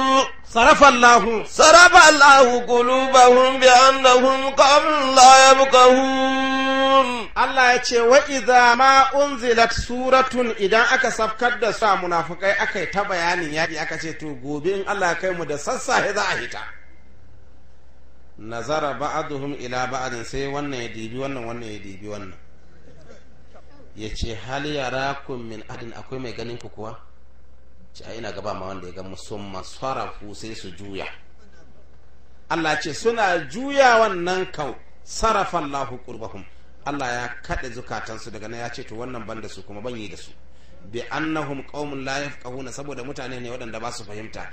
صرف الله صرف الله قلوبهم بأنهم قوم لا يبقهون الله يتشي وإذا ما أنزلت سورة إذا أكا سبكت دا سا منافقين أكا تبياني يدي أكا تتوبوبين الله كي مدسسا هذا أهتا nazara ba'aduhum ila ba'adin sai wannan ya dibi wannan يديبي ya dibi wannan ya ce hal yarakum min adin akwai mai ganin ku ce a ina gaba ma wanda ya ga musamman sai su juya Allah ce suna juya wannan kan sarrafa Allahu qurbahum Allah ya kaɗe zukatansu daga nan ya ce to wannan ban da su kuma ban yi da su bi annahum qaumun la yafqahuna saboda mutane ne wadanda ba su fahimta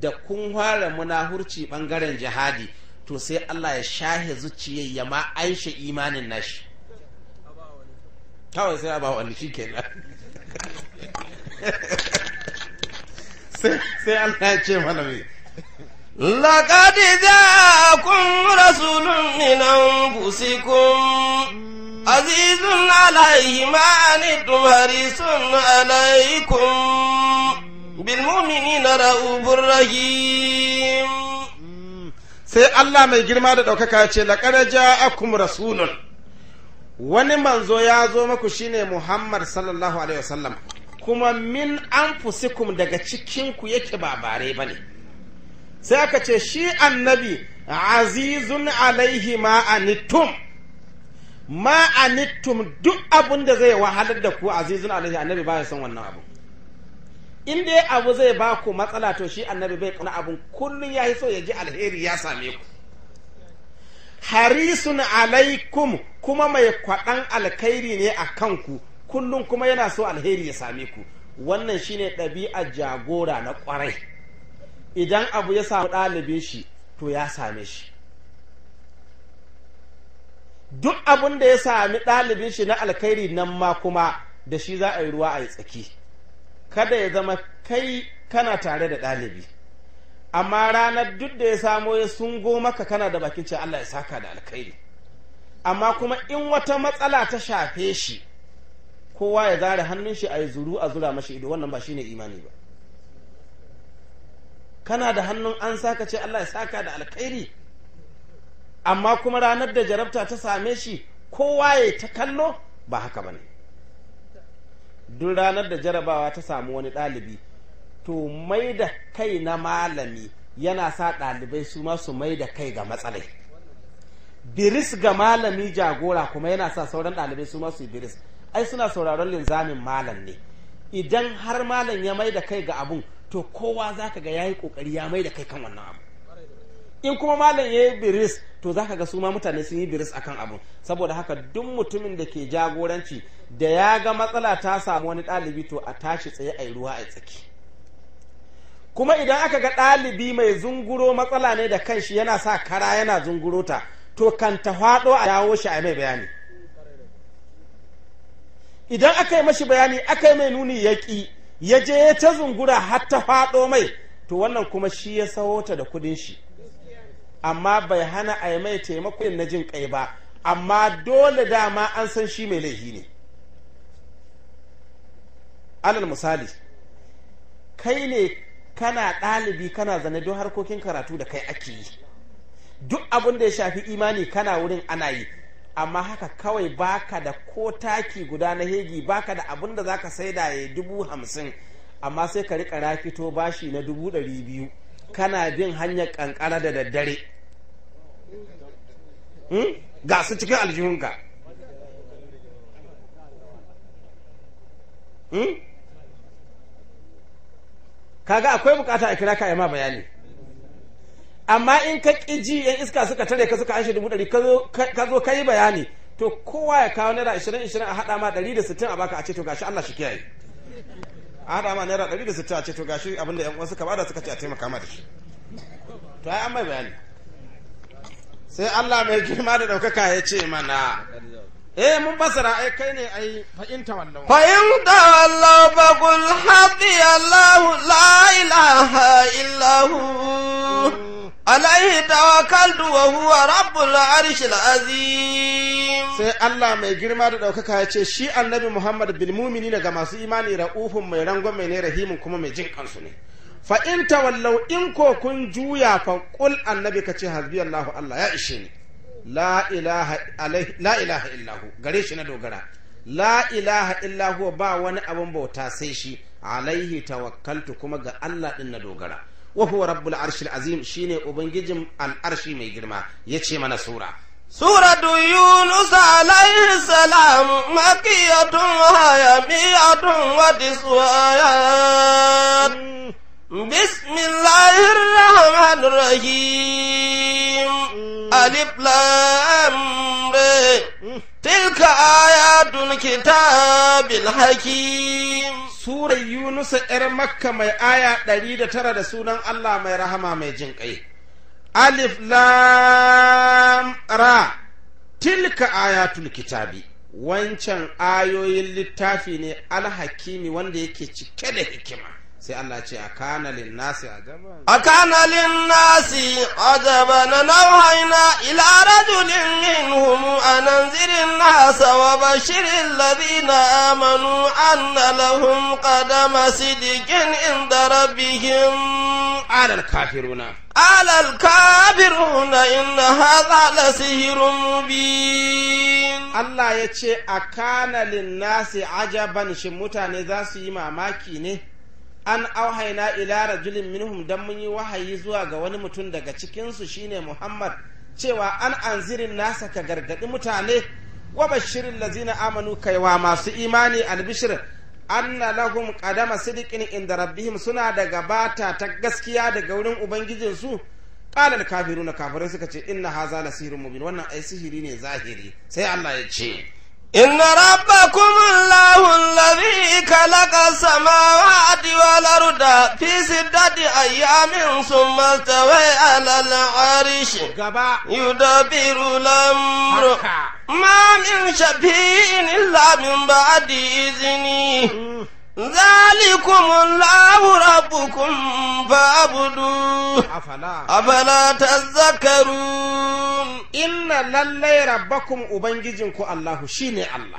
da kun fara munahurci bangaren jihadi to sai Allah ya shahe zuciyar ya ma aisha imanin nashi kawai sai a ba wani shi kenan [LAUGHS] sai Allah ya ce mana mai laƙar da kun rasulun minan busikun azizun alaihi mani tumari sun alaikun bilmumini na ra'ubun rahim sai Allah mai girma da ɗaukaka ce laƙar da rasulun wani manzo ya zo maku shine Muhammad sallallahu alaihi wasallam kuma min anfusikum daga cikinku yake ba bare ba ne sai aka ce shi annabi azizun alaihi ma'anittum ma'anittum duk abin da zai wahalar da ku azizun alaihi annabi ba ya son wannan abu in dai abu zai ba ku matsala to shi annabi bai kuna abin kullum ya yi so ya ji alheri ya same ku harisun alaikum kuma mai kwaɗan alkhairi ne a kanku kullum kuma yana so alheri ya same ku wannan shine ɗabi'a jagora na ƙwarai idan abu ya samu ɗalibin shi to ya same shi duk abin da ya sami ɗalibin shi na alkhairi nan ma kuma da shi za a yi ruwa a yi tsaki kada ya zama kai kana tare da ɗalibi amma ranar duk da ya samo ya sungo maka kana da bakin cin Allah ya saka da alkhairi amma kuma in wata matsala ta shafe shi kowa ya zare hannun shi a yi zuru a zura mashi ido wannan ba shine imani ba kana da hannun an saka ce Allah ya saka da alkhairi amma kuma ranar da jarabta ta same shi kowa ya ta kallo ba haka bane duk ranar da jarabawa ta samu wani ɗalibi to mai da kai na malami yana sa ɗalibai su ma su mai da kai ga matsalai biris ga malami jagora kuma yana sa sauran ɗalibai su ma su biris ai suna sauraron linzamin malam ne idan har malam ya mai da kai ga abun to kowa za ka ga ya yi kokari ya mai da kai kan wannan abu in kuma malam ya yi biris to za ka ga su ma mutane sun yi biris akan abun saboda haka duk mutumin da ke jagoranci da ya ga matsala ta samu wani ɗalibi to a tashi tsaye a ruwa a tsaki kuma idan aka ga ɗalibi mai zunguro matsala ne da kanshi yana sa kara yana zunguro ta to kan ta faɗo a yawo shi a mai bayani idan aka yi mashi bayani aka yi mai nuni ya ƙi ya je ya ta zungura har ta faɗo mai to wannan kuma shi ya ta da kudin shi amma bai hana a yi mai taimakon na jin kai ba amma dole dama an san shi mai laifi ne alal misali kai ne kana ɗalibi kana zane don harkokin karatu da kai ake yi duk abin da ya shafi imani kana wurin ana yi amma haka kawai baka da ko taki guda na hegi baka da abun da za zaka saida ya dubu hamsin amma sai ka rika rafito bashi na dubu ɗari biyu kana bin hanyar kankara da daddare hmm? ga su cikin aljihunka hmm? kaga akwai bukata a kira ka yi ma bayani amma in ka ƙiji yan iska suka tare ka suka anshe dubu ɗari ka zo ka yi bayani to kowa ya kawo naira ishirin ishirin a haɗa ma ɗari da sittin a baka a ce to gashi Allah shi kiyaye a haɗa ma naira ɗari da sittin a ce to gashi da ƴan uwan suka bada suka ce a taimaka ma da shi to ai an mai bayani sai Allah mai girma da ɗaukaka ya ce mana eh mun basara ai eh, kai ne ai fahimta wallahu fahimta wallahu fa qul hadi Allah la ilaha illa hu alaihi tawakaltu wa huwa rabbul arshil azim sai Allah mai girma da daukaka ya ce shi annabi Muhammad bil daga ga masu imani ra'ufun mai rangon mai ne rahimin kuma mai jin kansu ne fa in tawallau in ko kun juya fa qul annabi kace hasbi Allah Allah ya ishe ni la ilaha la ilaha illahu gare shi na dogara la ilaha illahu ba wani abun bauta sai shi alaihi tawakkaltu kuma ga Allah din na dogara Oho huwa rabbul azim shine ubangijin al'arshi mai girma yace mana sura suratu yunus alaihi salam makiyatun hayamiyatun wa tiswayat bismillahir rahmanir rahim alif lam ra tilka ayatul kitabil hakim surar yunusa yar makka mai aya ɗari da tara da sunan allah mai rahama mai jin ƙai alif lam ra tilka ayatul kitabi wancan ayoyin littafi ne alhakimi wanda yake cike da hikima sai Allah ce a kana lin nasi a kana lin nasi ajaban nawhaina ila rajulin minhum an zirin nasa wa bashirin ladina amanu anna lahum qadama sidiqin inda rabbihim alal kafiruna alal kafiruna inna hadha lasihrun mubin Allah ya ce a kana lin nasi ajaban shi mutane za su yi mamaki ne an auhaina ila rajulin minhum dan mun yi wahayi zuwa ga wani mutum daga cikinsu shine muhammad cewa an anzirin nasa ka gargaɗi mutane wa bashirin lazina amanu kaiwa masu imani albishir anna lahum qadama sidiqin inda rabbihim suna da gabata ta gaskiya daga wurin ubangijinsu qala kafiruna kafirai suka ce inna haza la mubin wannan ai sihiri ne zahiri sai Allah ya ce إن ربكم الله الذي خلق السماوات والأرض في ستة أيام ثم استوى على العرش يدبر الأمر ما من شفيع إلا من بعد إذنه ذلكم الله ربكم فاعبدوه أفلا تذكرون إن للي ربكم أبنججنكو الله شيني الله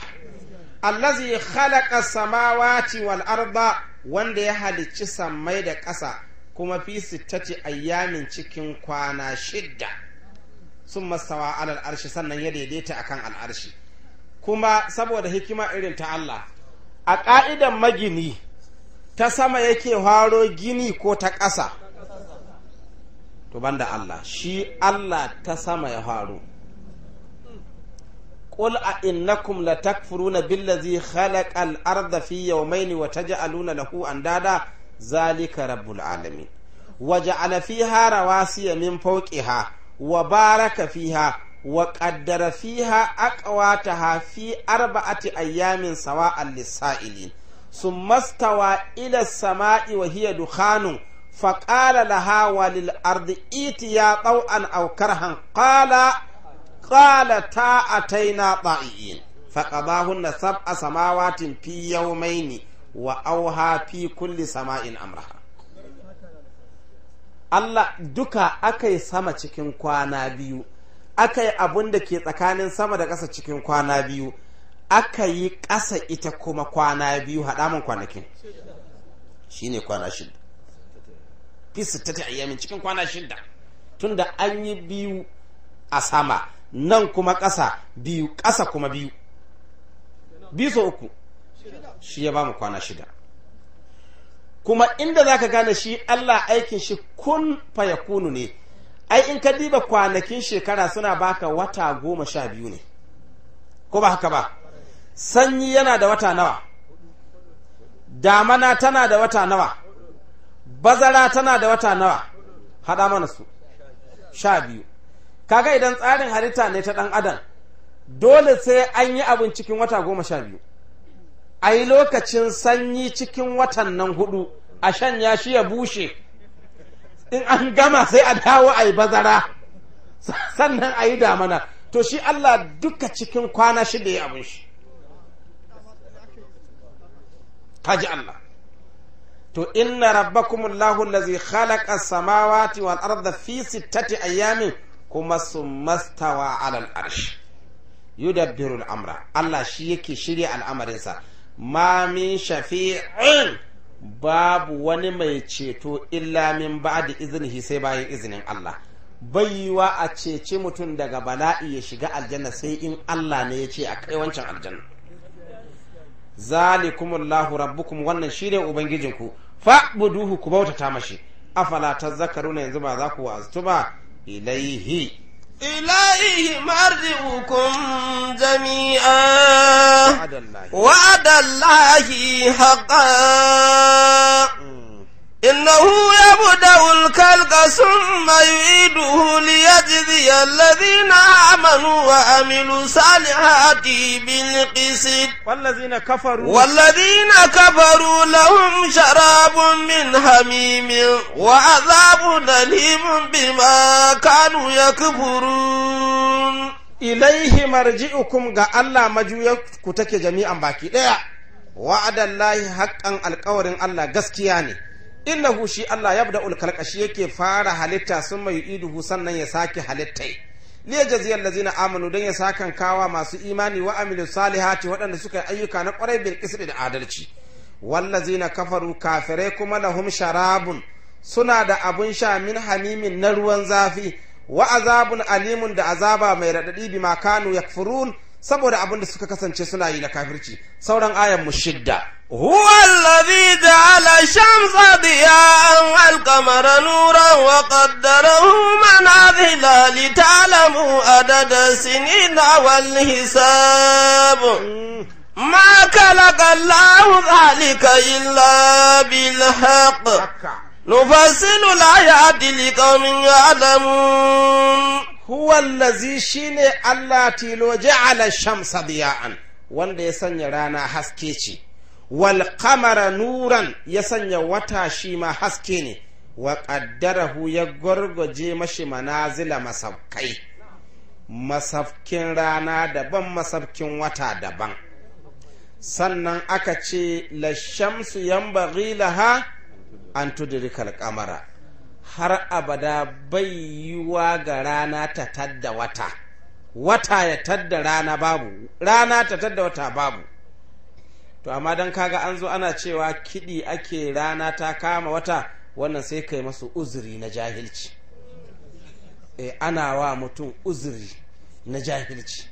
allazi khalaqa samawati wal arda wanda ya halicci sammai da ƙasa kuma fi sittati ayyamin cikin kwana shidda sun masawa alal sannan ya daidaita akan al'arshi kuma saboda hikima irin ta Allah a ƙa’idan magini ta sama yake haro gini ko ta ƙasa to ban Allah shi Allah ta sama ya haro ƙul a inakum la takfuru na billa zai halaƙa al’ar da fi yau wata ji aluna da andada zalika rabbul alami waje alafi harawa siya min fauƙi ha wa baraka fi wa ƙaddara fi ha a ƙawata ha fi arba a ti ayyamin sawa al-lissa’ili sun ila sama’i wa hiyar dukhanu faƙala la hawa lil’ardi iti ya ɗau an aukar hankala ta a taina ɗa’i’in faƙa ba hun na sab a samawatin fi yau mai wa au ha fi kulle sama’in amra. Allah duka aka sama cikin kwana biyu aka yi abun da ke tsakanin sama da ƙasa cikin kwana biyu aka yi ƙasa ita kuma kwana biyu haɗa kwanakin shi ne kwana shida fi ta ayyamin cikin kwana shida tunda an yi biyu a sama nan kuma ƙasa biyu ƙasa kuma biyu biyu sau uku shi ya ba mu kwana shida kuma inda za ka gane shi Allah aikin shi kun fayakunu ne ai in ka diba kwanakin shekara suna baka wata goma sha biyu ne ko ba haka ba sanyi yana da wata nawa damana tana da wata nawa bazara tana da wata nawa haɗa mana su sha biyu kaga idan tsarin halitta ne ta ɗan adam dole sai an yi abin cikin wata goma sha biyu a yi lokacin sanyi cikin watan nan hudu a shanya shi ya bushe in an gama sai a dawo a yi bazara sannan a yi damana to shi Allah duka cikin kwana shida ya abin shi kaji Allah to inna rabbakum Allahu allazi khalaqa samawati wal arda fi sittati ayyamin kuma sumastawa alal arsh yudabbiru amra. Allah shi yake shirya al'amarinsa ma min shafi'in babu wani mai ceto illa min da izini sai bayan izinin Allah baiwa a cece mutum daga bala'i ya shiga aljanna sai in Allah ne ya ce a kai wancan aljanna zalikumullahu rabbukum wannan shine ubangijinku fa'buduhu ku bautata mashi afala tazakkaruna yanzu ba za ku wa'aztu ba ilaihi إليه مرجعكم جميعا وعد الله حقا إنه يبدأ الخلق ثم يعيده ليجزي الذين آمنوا وعملوا الصالحات بالقسط والذين كفروا والذين كفروا لهم شراب من حميم وعذاب أليم بما كانوا يكفرون إليه مرجئكم قال الله majuyarku take جميعا باكي ɗaya wa'adallahi haƙƙan alƙawarin Allah gaskiya ne innahu shi Allah yabda'ul khalqa shi yake fara halitta sun mai iduhu sannan ya sake halittai liya jaziyar amanu dan ya sakan kawa masu imani wa amilu salihati waɗanda suka yi ayyuka na ƙwarai bil qisri da adalci wallazina kafaru kafirai kuma lahum sharabun suna da abun sha min hamimin na ruwan zafi wa azabun alimun da azaba mai raɗaɗi bi makanu yakfurun saboda abun da suka kasance suna yi na kafirci sauran ayan mu shidda هو الذي جعل الشمس ضياء والقمر نورا وقدره منازل لتعلموا عدد السنين والحساب ما خلق الله ذلك إلا بالحق نفصل الآيات لقوم يعلمون هو الذي شين الله تلو جعل الشمس ضياء wanda ya sanya rana wal kamara nuran ya sanya wata shi ma haske ne wa ƙaddarahu ya gorgoje mashi manazila masafkai masafkin rana daban masafkin wata daban sannan aka ce lashamsu yanbaghi laha an tudrikal kamara har abada bai yiwa ga rana ta tadda wata wata ya tadda rana babu rana ta tadda wata babu to amma dan kaga an zo ana cewa kiɗi ake rana ta kama wata wannan sai kai masu uzuri na jahilci e, ana wa mutum uzuri na jahilci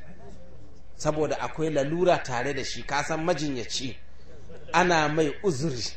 saboda akwai lalura tare da shi kasan majinyaci ana mai uzuri